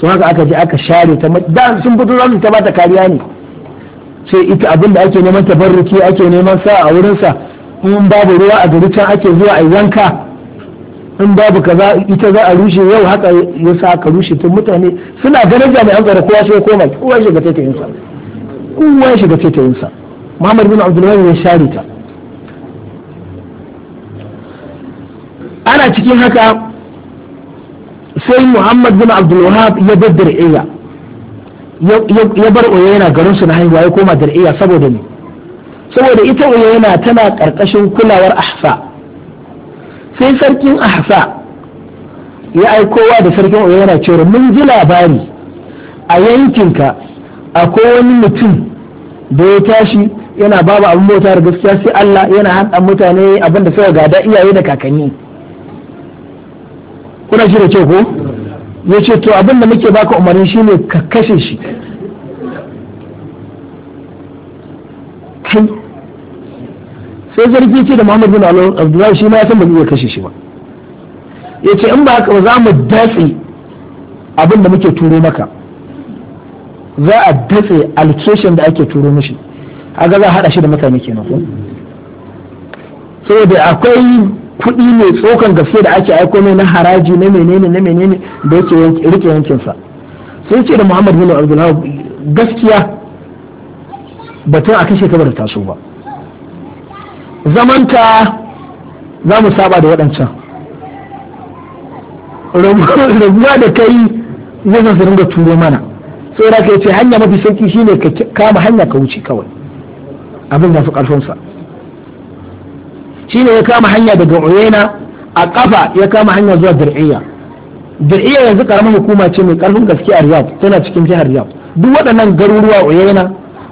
su haka aka je aka share ta da sun fito za su ta bata kariya ne sai ita abin da ake neman tabarruki ake neman sa a wurinsa in babu ruwa a gari can ake zuwa a wanka in babu kaza ita za a rushe yau haka ya sa ka rushe tun mutane suna ganin jami'an tsaro kowa sai koma kowa shiga taitayinsa kowa ya shiga taitayinsa Muhammad bin Abdullahi ya share ta ana cikin haka sai muhammad bin abdulwahab ya bar dar'iya ya bar oyena garin su na haihuwa ya koma dar'iya saboda ne saboda ita yana tana karkashin kulawar ahsa sai sarkin ahsa ya aikowa da sarkin yana cewa mun ji labari a yankinka akwai wani mutum da ya tashi yana babu abin bauta da gaskiya sai Allah yana haɗa mutane abin da suka gada iyaye da kakanni kuna shi da ce ko ya ce to abinda da muke baka umarni shine ka kashe shi sai zargi ce da muhammad bin abdullahi shi ma ya san ba zai kashe shi ba ya ce in ba haka ba za mu datse abin muke turo maka za a datse alkeshin da ake turo mashi. a ga za a haɗa shi da mutane kenan nufin? saboda akwai kuɗi ne tsokan gaske da ake aiko mai na haraji na menene na menene da yake rike yankinsa sai ce da muhammad bin Abdullah gaskiya batun a kashe kabar taso ba zamanta za mu saba da waɗancan rabuwa da kai zai zan ringa turo mana sai da ka ce hanya mafi sauki shine ka kama hanya ka wuce kawai abin da fi ƙarfinsa shine ya kama hanya daga oyena a kafa ya kama hanya zuwa dir'iyya dir'iyya yanzu karamin hukuma ce mai karfin gaske a riyadh tana cikin jihar riyadh duk waɗannan garuruwa oyena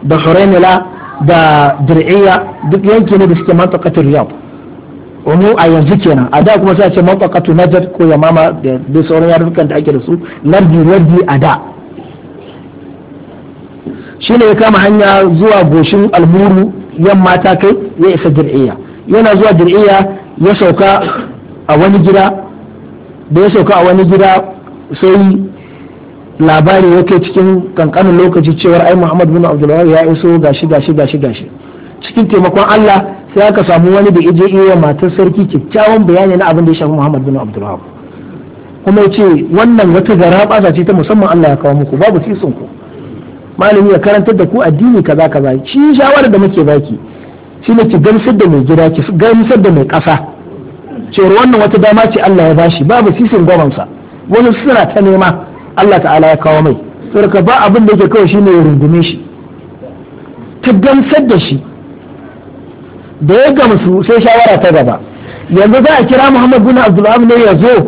da horenila da dir'iyya duk yanki ne da suke mantakatun riyadh umu a yanzu kenan a da kuma sai ce mantakatu najd ko yamama da bai sauran yarukan da ake da su lardi lardi a da shine ya kama hanya zuwa goshin almuru yamma ta kai ya isa dir'iyya yana zuwa dir'iya ya sauka a wani gida da ya sauka a wani gida sai labari ya kai cikin kankanin lokaci cewar ai Muhammad bin Abdullahi ya iso gashi gashi gashi gashi cikin taimakon Allah sai aka samu wani da ije iya matar sarki kyakkyawan bayani na abin da ya shafi Muhammad bin Abdullahi. kuma ya ce wannan wata gara ce ta musamman Allah ya kawo muku babu sisin ku malami ya karantar da ku addini kaza kaza shi shawarar da muke baki ne ki gamsar da mai gida ki gamsar da mai ƙasa cewar wannan wata dama ce Allah ya bashi babu sisin gwamansa wani suna ta nema Allah ta'ala ya kawo mai saboda ba abin da yake kawai shine ya rungume shi ta gamsar da shi da ya gamsu sai shawara ta gaba yanzu za a kira Muhammad bin Abdul ne ya zo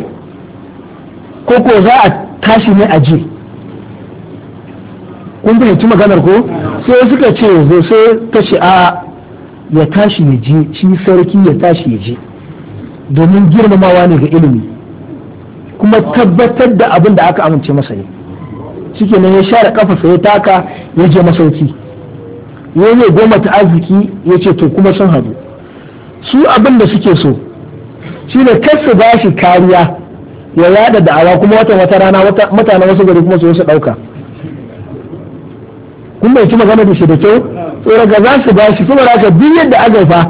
ko ko za a tashi ne a je kun fahimci maganar ko sai suka ce zo sai ta ce a ya tashi ya je shi sarki ya tashi ya je domin girmamawa ne ga ilimi kuma tabbatar da abin da aka amince masa ne shike nan ya share kafa ya taka ya je masauki ya ne goma ta arziki ya ce to kuma sun hadu su abin da suke so shi ne kar su ba kariya ya yada da'awa kuma wata wata rana mutanen wasu gari kuma su su dauka kun bai ci magana da shi da kyau tsoro ga za su bashi kuma da aka duk yadda aka fa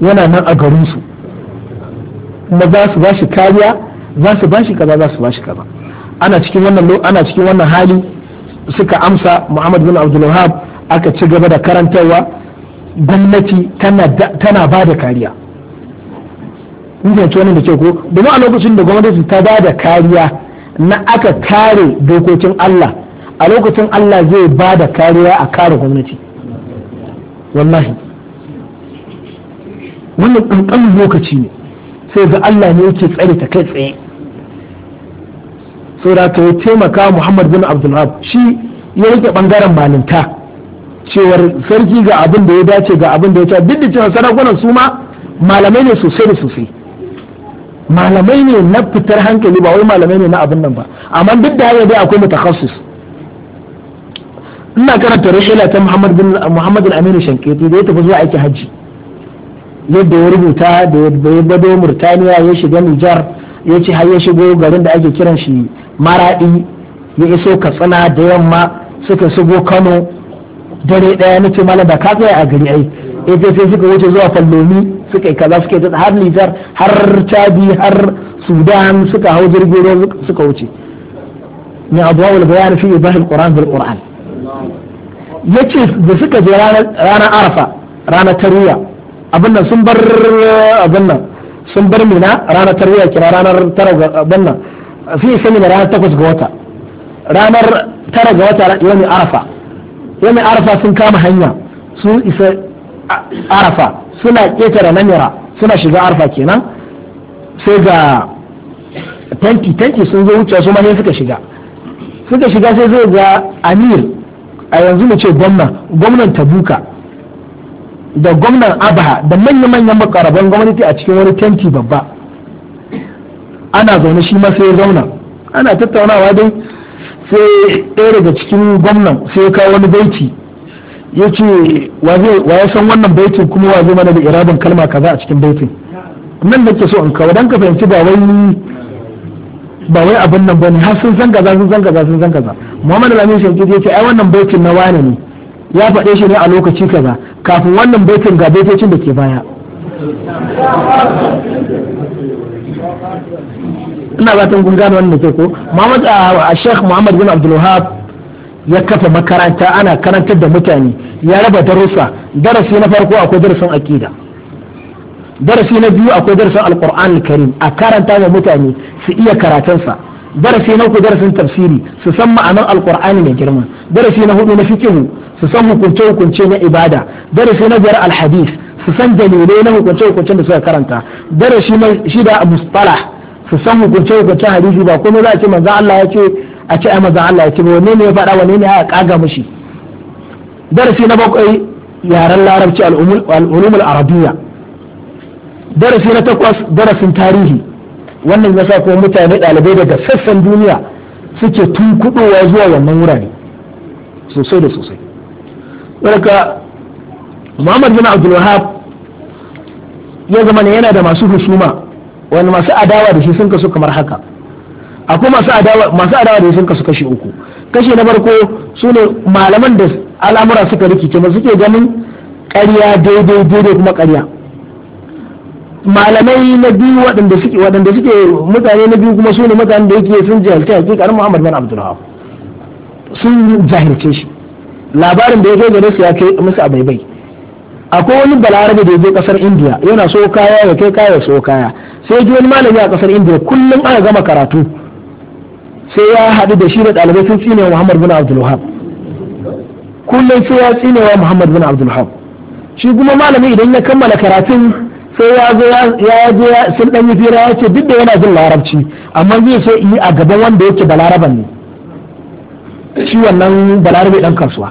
yana nan a garin su kuma za su bashi kariya za su bashi kaza za su bashi kaza ana cikin wannan ana cikin wannan hali suka amsa Muhammad bin Abdul Wahhab aka ci gaba da karantarwa gwamnati tana ba da kariya kun fahimci wannan da kyau ko domin a lokacin da gwamnati ta ba da kariya na aka kare dokokin Allah a lokacin Allah zai ba da kariya a kare gwamnati wallahi wannan ƙanƙanin lokaci ne sai ga Allah ne yake tsare ta kai tsaye saboda ya taimaka Muhammad bin Abdulhab shi ya rike ɓangaren malinta cewar sarki ga abin da ya dace ga abin da ya ta duk da cewa sarakunan su ma malamai ne sosai da sosai malamai ne na fitar hankali ba wai malamai ne na abin nan ba amma duk da haka dai akwai mutakassus ina karanta rashila ta Muhammad bin Muhammad al Shankiti da ya tafi zuwa aiki haji. yadda ya rubuta da ya bado Murtaniya ya shiga Nijar ya ce har ya shigo garin da ake kiran shi Maradi ya iso Katsina da yamma suka shigo Kano dare daya nace malam da ka tsaya a gari ai eh, ita sai suka wuce zuwa Fallomi suka yi kaza suka har Nijar har Chadi har Sudan suka hau jirgin ruwa suka wuce ni abuwa wal bayan fi ibahil Qur'an bil Qur'an ya ce da suka je ranar arafa ranar tarwiya abin nan sun bar abin nan sun bar mina ranar tarwiya kira ranar tara ga abin nan sun yi sani ranar takwas ga wata ranar tara ga wata yami arafa yami arafa sun kama hanya sun isa arafa suna ƙetare namira suna shiga arafa kenan sai ga tanki tanki sun zo wuce su ma suka shiga suka shiga sai zai ga amir a yanzu mu ce gwamna gwamnan tabuka da gwamnan abaha da manya-manyan makaraban gwamnati a cikin wani tenti babba ana zaune shi ma sai zauna ana tattaunawa dai sai ɗaya daga cikin gwamnan sai ya kawo wani baiti ya ce wa ya san wannan baitin kuma wa zai mana da irabin kalma kaza a cikin baitin nan da ke so in kawo don ka fahimci ba wai ba wai abin nan bane har sun zanga za sun zanga za sun zanga za Muhammad Lamin Shanki ya ce ai wannan baitin na wane ne ya faɗe shi ne a lokaci kaza kafin wannan baitin ga baitocin da ke baya ina fatan kun gane wannan ke ko Muhammad a Sheikh Muhammad bin Abdul Wahab ya kafa makaranta ana karantar da mutane ya raba darussa darasi na farko akwai darasin akida darasi na biyu akwai darasin alqur'an karim a karanta wa mutane su iya karatunsa darasi na uku darasin tafsiri su san ma'anar alkur'ani mai girma darasi na hudu na fikihu su san hukunce hukunce na ibada darasi na biyar alhadis su san dalilai na hukunce hukuncen da suka karanta darasi na shida mustalah su san hukunce hukunce hadisi ba kuma za a ce manzo Allah ya ce a ce ai manzo Allah ya ce wanne ne ya faɗa wanne ne ya kaga mishi darasi na bakwai yaren larabci al'ulumul arabiyya darasi na takwas darasin tarihi wannan ya sa kuma mutane ɗalibai daga sassan duniya suke tunkuɗowa zuwa wannan wurare sosai da sosai ɗarka muhammad bin abdul wahab ya zama ne yana da masu husuma wani masu adawa da shi sun kasu kamar haka akwai masu adawa masu adawa da shi sun kasu kashi uku kashi na farko su ne malaman da al'amura suka rikice ma suke ganin ƙarya daidai daidai kuma ƙarya malamai na biyu waɗanda suke waɗanda suke mutane na biyu kuma su ne mutane da yake sun jahilci hakikar Muhammad bin Abdul Wahab sun jahilce shi labarin da ya kai gare su ya kai musu a baibai akwai wani balarabe da ya je kasar India yana so kaya ya kai kaya ya so kaya sai ji wani malami a kasar India kullum ana gama karatu sai ya haɗu da shi da ɗalibai sun tsine Muhammad bin Abdul Wahab kullum sai ya tsine wa Muhammad bin Abdul Wahab shi kuma malami idan ya kammala karatun sai ya zo ya je sun dan yi fira ya ce duk da yana jin larabci amma zai so yi a gaban wanda yake balaraban ne shi wannan balarabe dan kasuwa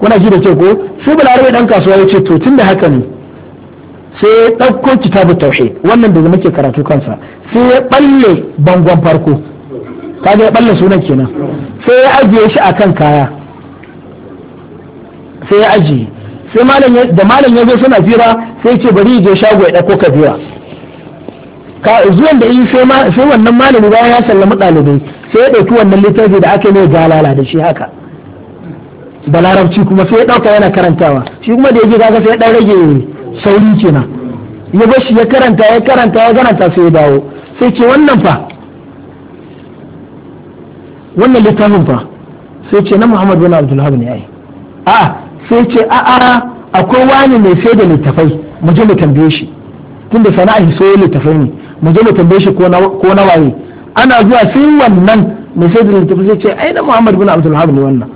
kuna ji da ce ko sai balarabe dan kasuwa ya ce to tun da haka ne sai ya ɗauko kitabu tauhid wannan da muke karatu kansa sai ya balle bangon farko kaga ya balle sunan kenan sai ya ajiye shi akan kaya sai ya ajiye sai da malam ya zo suna fira sai ce bari je shago ya dauko kabira ka zuwan da yi sai wannan malami bayan ya sallama ɗalibai sai ya ɗauki wannan littafi da aka mai galala da shi haka da larabci kuma sai ya ɗauka yana karantawa shi kuma da yake kaga sai ya ɗan rage sauri kenan ya bar shi ya karanta ya karanta ya karanta sai ya dawo sai ce wannan fa wannan littafin fa sai ce na Muhammad bin Abdul Wahab ne ai a'a sai ce a akwai wani mai sai da littafai mu je mu tambaye shi tunda sana'a shi sai littafai ne mu je mu tambaye shi ko na waye ana zuwa sai wannan mai sai da littafai sai ce ai na Muhammad bin Abdul Wahab ne wannan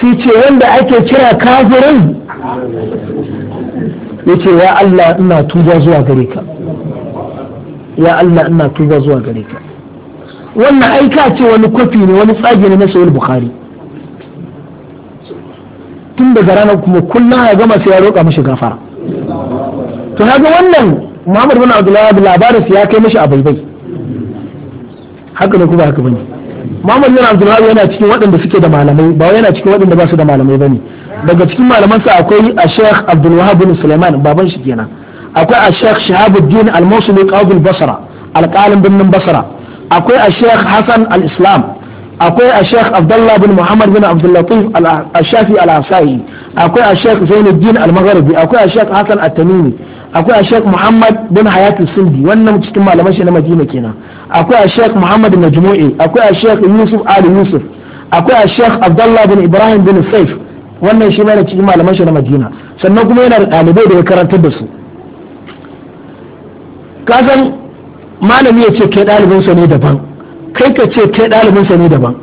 sai ce wanda ake kira kafirin yace ya Allah ina tuba zuwa gare ka ya Allah ina tuba zuwa gare ka wannan aika ce wani kwafi ne wani tsage ne na sahih bukhari tun daga ranar kuma kullum ya gama sai ya roƙa mashi gafara to ga wannan Muhammad bin Abdullahi labarin ya kai mashi a baibai haka ne kuma haka bane Muhammad bin Abdullahi yana cikin waɗanda suke da malamai ba yana cikin waɗanda ba su da malamai bane daga cikin malamansa akwai a Sheikh Abdul Wahab bin Sulaiman baban shi kenan akwai a Sheikh Shahabuddin Al-Mawsili Qadul Basra alƙalin birnin Basra akwai a Sheikh Hassan Al-Islam akwai a sheikh abdullah bin muhammad bin abdullatif al-shafi al-asai akwai a sheikh zainuddin al-magharibi akwai a sheikh hassan at-tamimi akwai a sheikh muhammad bin hayatu sindi wannan cikin malaman shi na madina kenan akwai a sheikh muhammad najmu'i akwai a sheikh yusuf ali yusuf akwai a sheikh abdullah bin ibrahim bin saif wannan shi ne cikin malaman shi na madina sannan kuma yana da ɗalibai da ya karantar da su kasan malami ya ce kai ɗalibinsa ne daban kai ka ce kai ɗalibinsa ne daban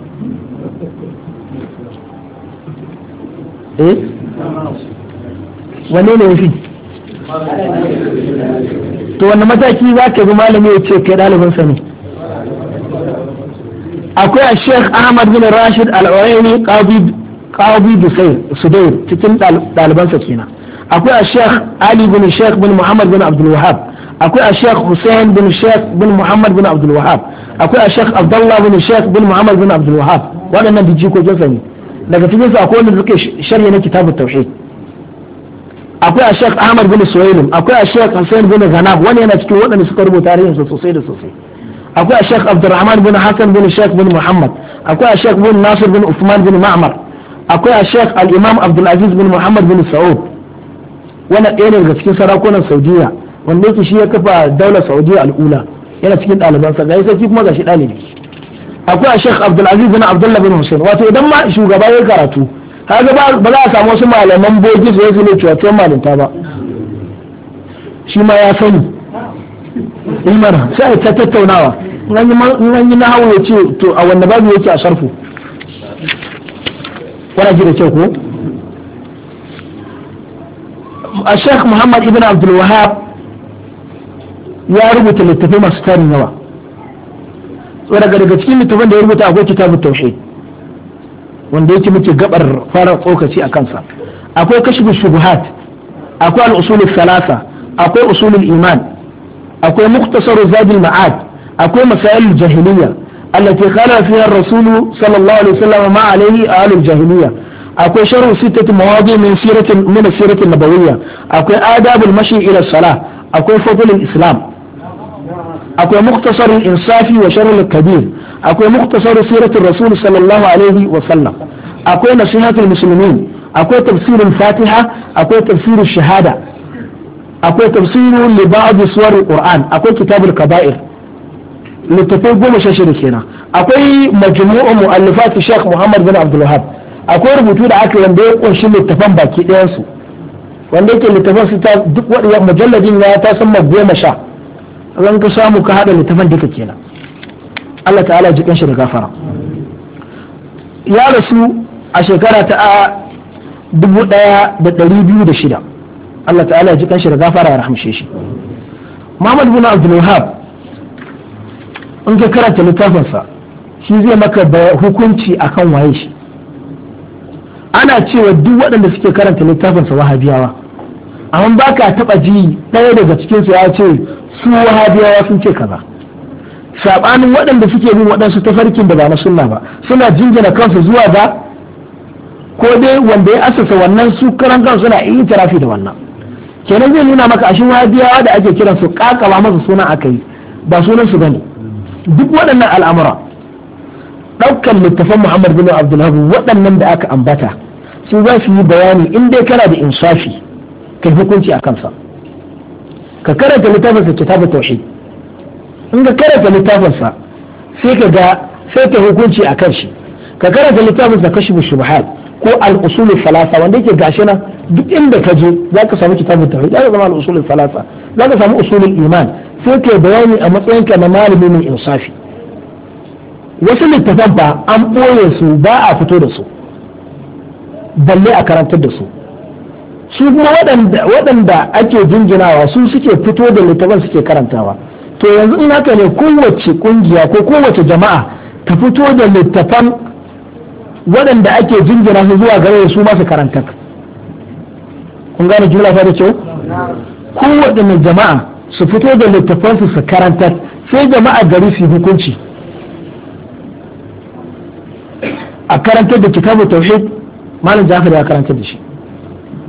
eh? wani ne fi to wani mataki za ka bi malami ya ce kai ɗalibinsa ne akwai a sheikh ahmad bin rashid al-uraini qadi dusair sudair cikin ɗalibansa kenan akwai a sheikh ali bin sheikh bin muhammad bin abdul wahab akwai a sheikh hussein bin sheikh bin muhammad bin abdul wahab akwai a shek abdullah bin shek bin muhammad bin abdul wahab waɗannan da jikokinsa ne daga cikin su akwai wanda suke sharhi na kitabun tauhid akwai a shek ahmad bin suwailim akwai a shek hussein bin ghanab wani yana cikin waɗanda suka rubuta tarihinsa sosai da sosai akwai a shek abdurrahman bin hassan bin shek bin muhammad akwai a shek bin nasir bin usman bin ma'mar akwai a shek al-imam abdulaziz bin muhammad bin sa'ud wani ɗaya daga cikin sarakunan saudiya wanda yake shi ya kafa daular saudiya al'ula yana cikin ɗalibansa ga sarki kuma gashi ɗalibi akwai a shekh abdulaziz bin abdullah bin hussein wato idan ma shugaba ya karatu kaga ba za a samu wasu malaman bogi su yanzu ne cuwatuwar malinta ba shi ma ya sani imar sai ta tattaunawa in yi na hawa ya ce to a wanne babu yake a sarfu wani ji da ko a sheikh muhammad ibn abdul wahab ya rubuta littafai masu tarin yawa daga daga cikin littafin da ya rubuta akwai kitabun tauhid wanda yake muke gabar fara tsokaci a kansa akwai kashfu shubuhat akwai al-usul salasa akwai usulul iman akwai mukhtasaru zadil ma'ad akwai masail jahiliya allati qala fiha ar-rasul sallallahu alaihi wasallam ma alaihi ahlul jahiliya akwai sharh sittati mawadi min sirati min sirati nabawiyya akwai adabul mashi ila salah akwai fadlul islam akwai muktasarul insafi wa sharhul kabir akwai muktasarul siratul rasul sallallahu alaihi wa sallam akwai nasihatul musulmin. akwai tafsirin fatiha akwai tafsirin shahada akwai tafsirin li ba'd qur'an akwai kitabul kaba'ir littafai goma sha shida kenan akwai majmu'u mu'allifat shek Muhammad bin Abdul Wahhab akwai rubutu da aka wanda ya kunshi littafan baki ɗayan su wanda yake littafan su ta duk waɗanda mujalladin ya ta sama goma sha ran ka samu ka haɗa littafin duka kenan Allah ta'ala ji kanshi da gafara ya rasu a shekara ta dubu ɗaya da ɗari biyu da shida Allah ta'ala ji kanshi da gafara ya rahamshe shi Muhammad bin Abdul Wahab in ka karanta littafinsa shi zai maka hukunci akan waye shi ana cewa duk waɗanda suke karanta littafinsa wahabiyawa amma ba ka taɓa ji ɗaya daga cikinsu ya ce su wahabiyawa sun ce kaza saɓanin waɗanda suke bin waɗansu tafarkin da ba na sunna ba suna jingina kansu zuwa ga ko dai wanda ya asasa wannan su karan kansu suna iya tarafi da wannan kenan zai nuna maka ashin wahabiyawa da ake kiran su kakaba masa suna aka yi ba sunan su bane duk waɗannan al'amura ɗaukan littafan muhammad bin abdullahi waɗannan da aka ambata su za su yi bayani in dai kana da insafi kai hukunci a kansa ka karanta littafinsa kitab tauhid in ka karanta littafinsa sai ka ga sai ka hukunci a kan shi ka karanta littafinsa kashfu shubahat ko al-usul salasa wanda yake gashi na duk inda ka je zaka samu kitab tauhid zaka zama al-usul za zaka samu usulul iman sai ka bayani a matsayin ka na malami mai insafi wasu littafan ba an boye su ba a fito da su balle a karantar da su su kuma waɗanda ake jinjinawa su suke fito da littafin suke karantawa to yanzu in haka ne kowace kungiya ko kowace jama'a ta fito da littafan waɗanda ake jinjina su zuwa gare su masu karanta kun gane jumla ta da kyau kowaɗanne jama'a su fito da littafan su su karanta sai jama'a gari su hukunci a karantar da kitabu tauhid malam jafar ya karanta da shi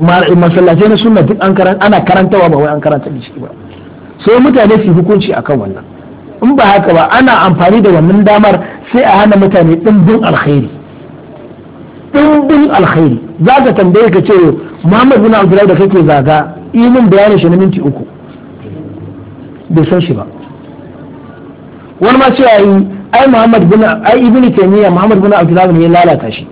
masallace na suna duk an karanta ana karantawa ba wai an karanta da shi ba sai mutane su hukunci akan wannan in ba haka ba ana amfani da wannan damar sai a hana mutane dimbin alkhairi dimbin alkhairi za ka tambaye ka ce Muhammad bin Abdullahi da kake zaga imin bayani shi na minti uku bai san shi ba wani ma cewa yi ai Muhammad bin ai Ibn Taymiyyah Muhammad bin Abdullahi ne ya lalata shi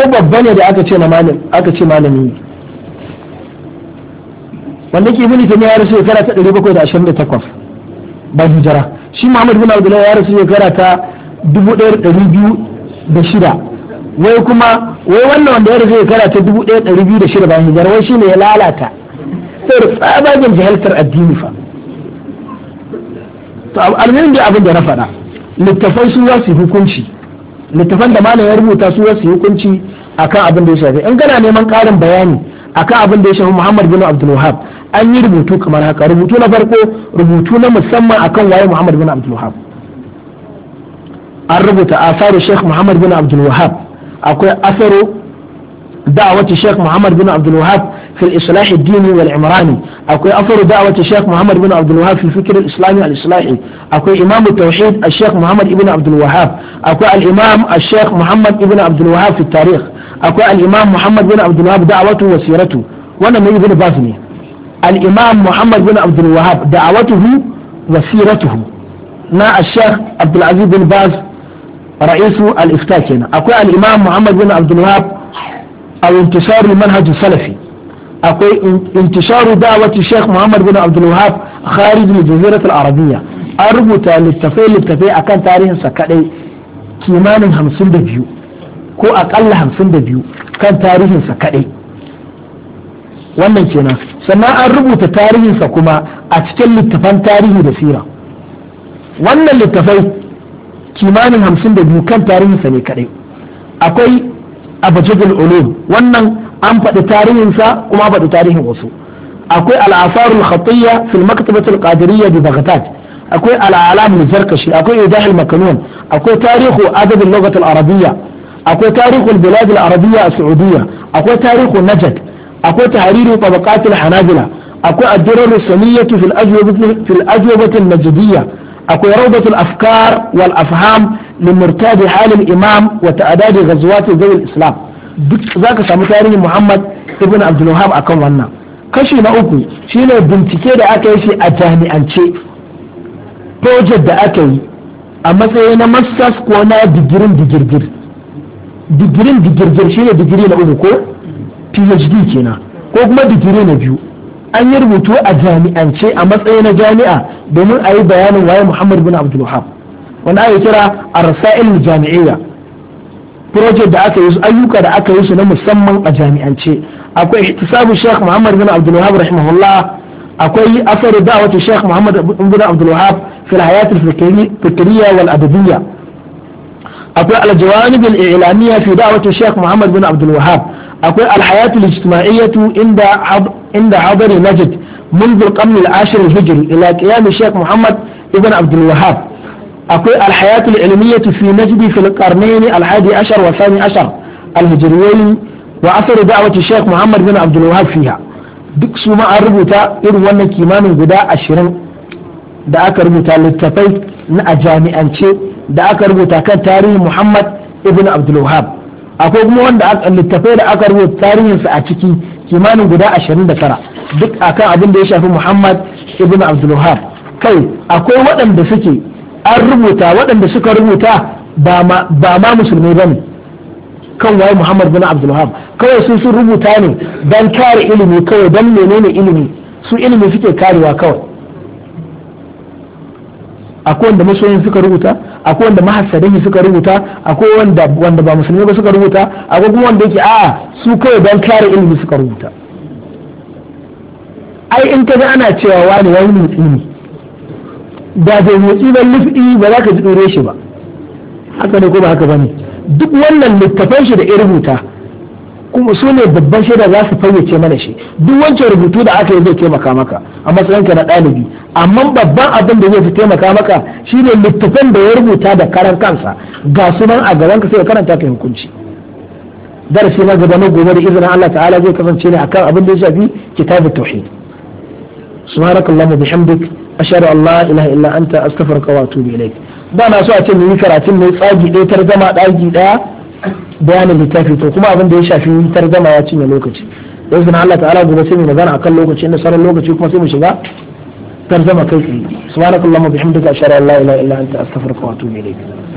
ko babba ne da aka ce malamin aka ce malami ne wanda ke ibn ta ya rasu shekara ta 728 Ba hijira shi muhammad bin abdullahi ya rasu shekara ta 1206 wai kuma wai wannan wanda ya rasu shekara ta 1206 ba hijira wai shine ya lalata sai da tsabagen jahiltar addini fa to almin da abin da na faɗa littafai su za su hukunci littafan da malam ya rubuta su wasu hukunci akan abin da ya shafi in kana neman karin bayani akan abin da ya shafi Muhammad bin Abdul Wahab an yi rubutu kamar haka rubutu na farko rubutu na musamman akan waye Muhammad bin Abdul Wahab an rubuta asaru Sheikh Muhammad bin Abdul Wahab akwai asaru da'awati Sheikh Muhammad bin Abdul Wahab fil islahi dini wal imrani akwai afaru da'awati Sheikh Muhammad ibn Abdul Wahhab fi fikr al-Islami al-Islahi akwai Imam tauhid al-Sheikh Muhammad ibn Abdul Wahhab akwai al-Imam al-Sheikh Muhammad ibn Abdul Wahhab fi tarikh akwai al-Imam Muhammad ibn Abdul Wahhab da'awatu wa siratu wannan mai ibn Baz ne al-Imam Muhammad ibn Abdul Wahhab da'awatuhu wa siratuhu na al-Sheikh Abdul Aziz bin Baz ra'isu al-Ifta kenan akwai al-Imam Muhammad ibn Abdul Wahhab al-intisar manhaj salafi akwai intisharu da'awati Sheikh Muhammad bin Abdul Wahhab kharij al-Jazirat al-Arabiyya an rubuta littafai littafai akan tarihin sa kadai kimanin 52 ko akalla 52 kan tarihin sa kadai wannan kenan sannan an rubuta tarihin sa kuma a cikin littafan tarihi da sira wannan littafai kimanin 52 kan tarihin sa ne kadai akwai a bajigul ulum wannan an faɗi tarihinsa kuma faɗi tarihin wasu akwai al'asarul khatiyya fil maktabatul qadiriyya bi baghdad akwai al'alam zarkashi akwai idahil makanun akwai tarihu adab al al arabiyya akwai tarihu al bilad al arabiyya a saudiyya akwai tarihu najd akwai tahriru tabaqat al hanabila akwai ad-durar al samiyyah fil ajwabah fil ajwabah najdiyya akwai rawdat afkar wal afham Lumurta da لمرتاد حال الإمام وتعداد غزوات ذوي Islam duk zaka samu tarihin Muhammad عبد الوهاب akan wannan kashi na uku shine bincike da aka yi shi a jami'ance project da aka yi a matsayi na masters ko na digirin digirgir digirin digirgir shine digiri na uku ko phd kenan ko kuma digiri na biyu an yi rubutu a jami'ance a matsayin na jami'a domin a yi bayanin waye muhammad bin abdulwahab wanda ake kira arsail jami'iyya project da aka yi su ayyuka da aka yi su na musamman a jami'ance akwai ihtisabu Sheikh Muhammad bin Abdul Wahhab rahimahullah akwai asaru da'wati Sheikh Muhammad bin Abdul Wahhab fi al-hayat al-fikriyya wal adabiyya akwai al-jawanib al-i'lamiyya fi da'wati Sheikh Muhammad bin Abdul Wahhab akwai al-hayat al-ijtima'iyya inda inda hadari Najd منذ القرن العاشر الهجري إلى قيام الشيخ محمد ابن عبد الوهاب akwai alhayatul ilmiyyatu fi najdi fil qarnayn alhadi ashar wa thani ashar alhijriyayn wa asar da'wati shaykh muhammad bin abdul wahhab fiha duk su ma an rubuta irin wannan kimanin guda ashirin da aka rubuta littafai na a da aka rubuta kan tarihin muhammad ibn abdul wahhab akwai kuma wanda littafai da aka rubuta tarihinsa a ciki kimanin guda ashirin da tara duk akan abin da ya shafi muhammad ibn abdul wahhab kai akwai waɗanda suke an rubuta waɗanda suka rubuta ba ma musulmi ba ne kan waye muhammad bin abdulhab kawai sun sun rubuta ne don kare ilimi kawai don menene ilimi su ilimi suke karewa kawai akwai wanda masoyin suka rubuta akwai wanda mahassadai suka rubuta akwai wanda wanda ba musulmi ba suka rubuta akwai kuma wanda yake a'a su kawai don kare ilimi suka rubuta ai in ka ana cewa wani wani mutum da bai motsi ba lifi ba za ka ji ɗore shi ba haka ne ko ba haka ba ne duk wannan littafan shi da ya rubuta kuma su ne babban shaida za su fayyace mana shi duk wancan rubutu da aka yi zai taimaka maka a matsayinka na ɗalibi amma babban abin da zai taimaka maka shi ne littafan da ya rubuta da karan kansa ga su nan a gaban ka sai ka karanta ka hukunci darasi na gaba na gobe da izinin Allah ta'ala zai kasance ne akan abin da ya shafi kitabut tauhid subhanakallahumma bihamdika ashhadu an la ilaha illa anta astaghfiruka wa atubu ilaik ba na so a ce yi karatun ne tsagi ɗaya targama ɗagi ɗaya bayanin littafi to kuma abin da ya shafi targama ya cinye lokaci da izinin Allah ta'ala gobe sai mu magana akan lokaci na sauran lokaci kuma sai mu shiga targama kai tsaye subhanakallahumma bihamdika ashhadu an la ilaha illa anta astaghfiruka wa atubu ilaik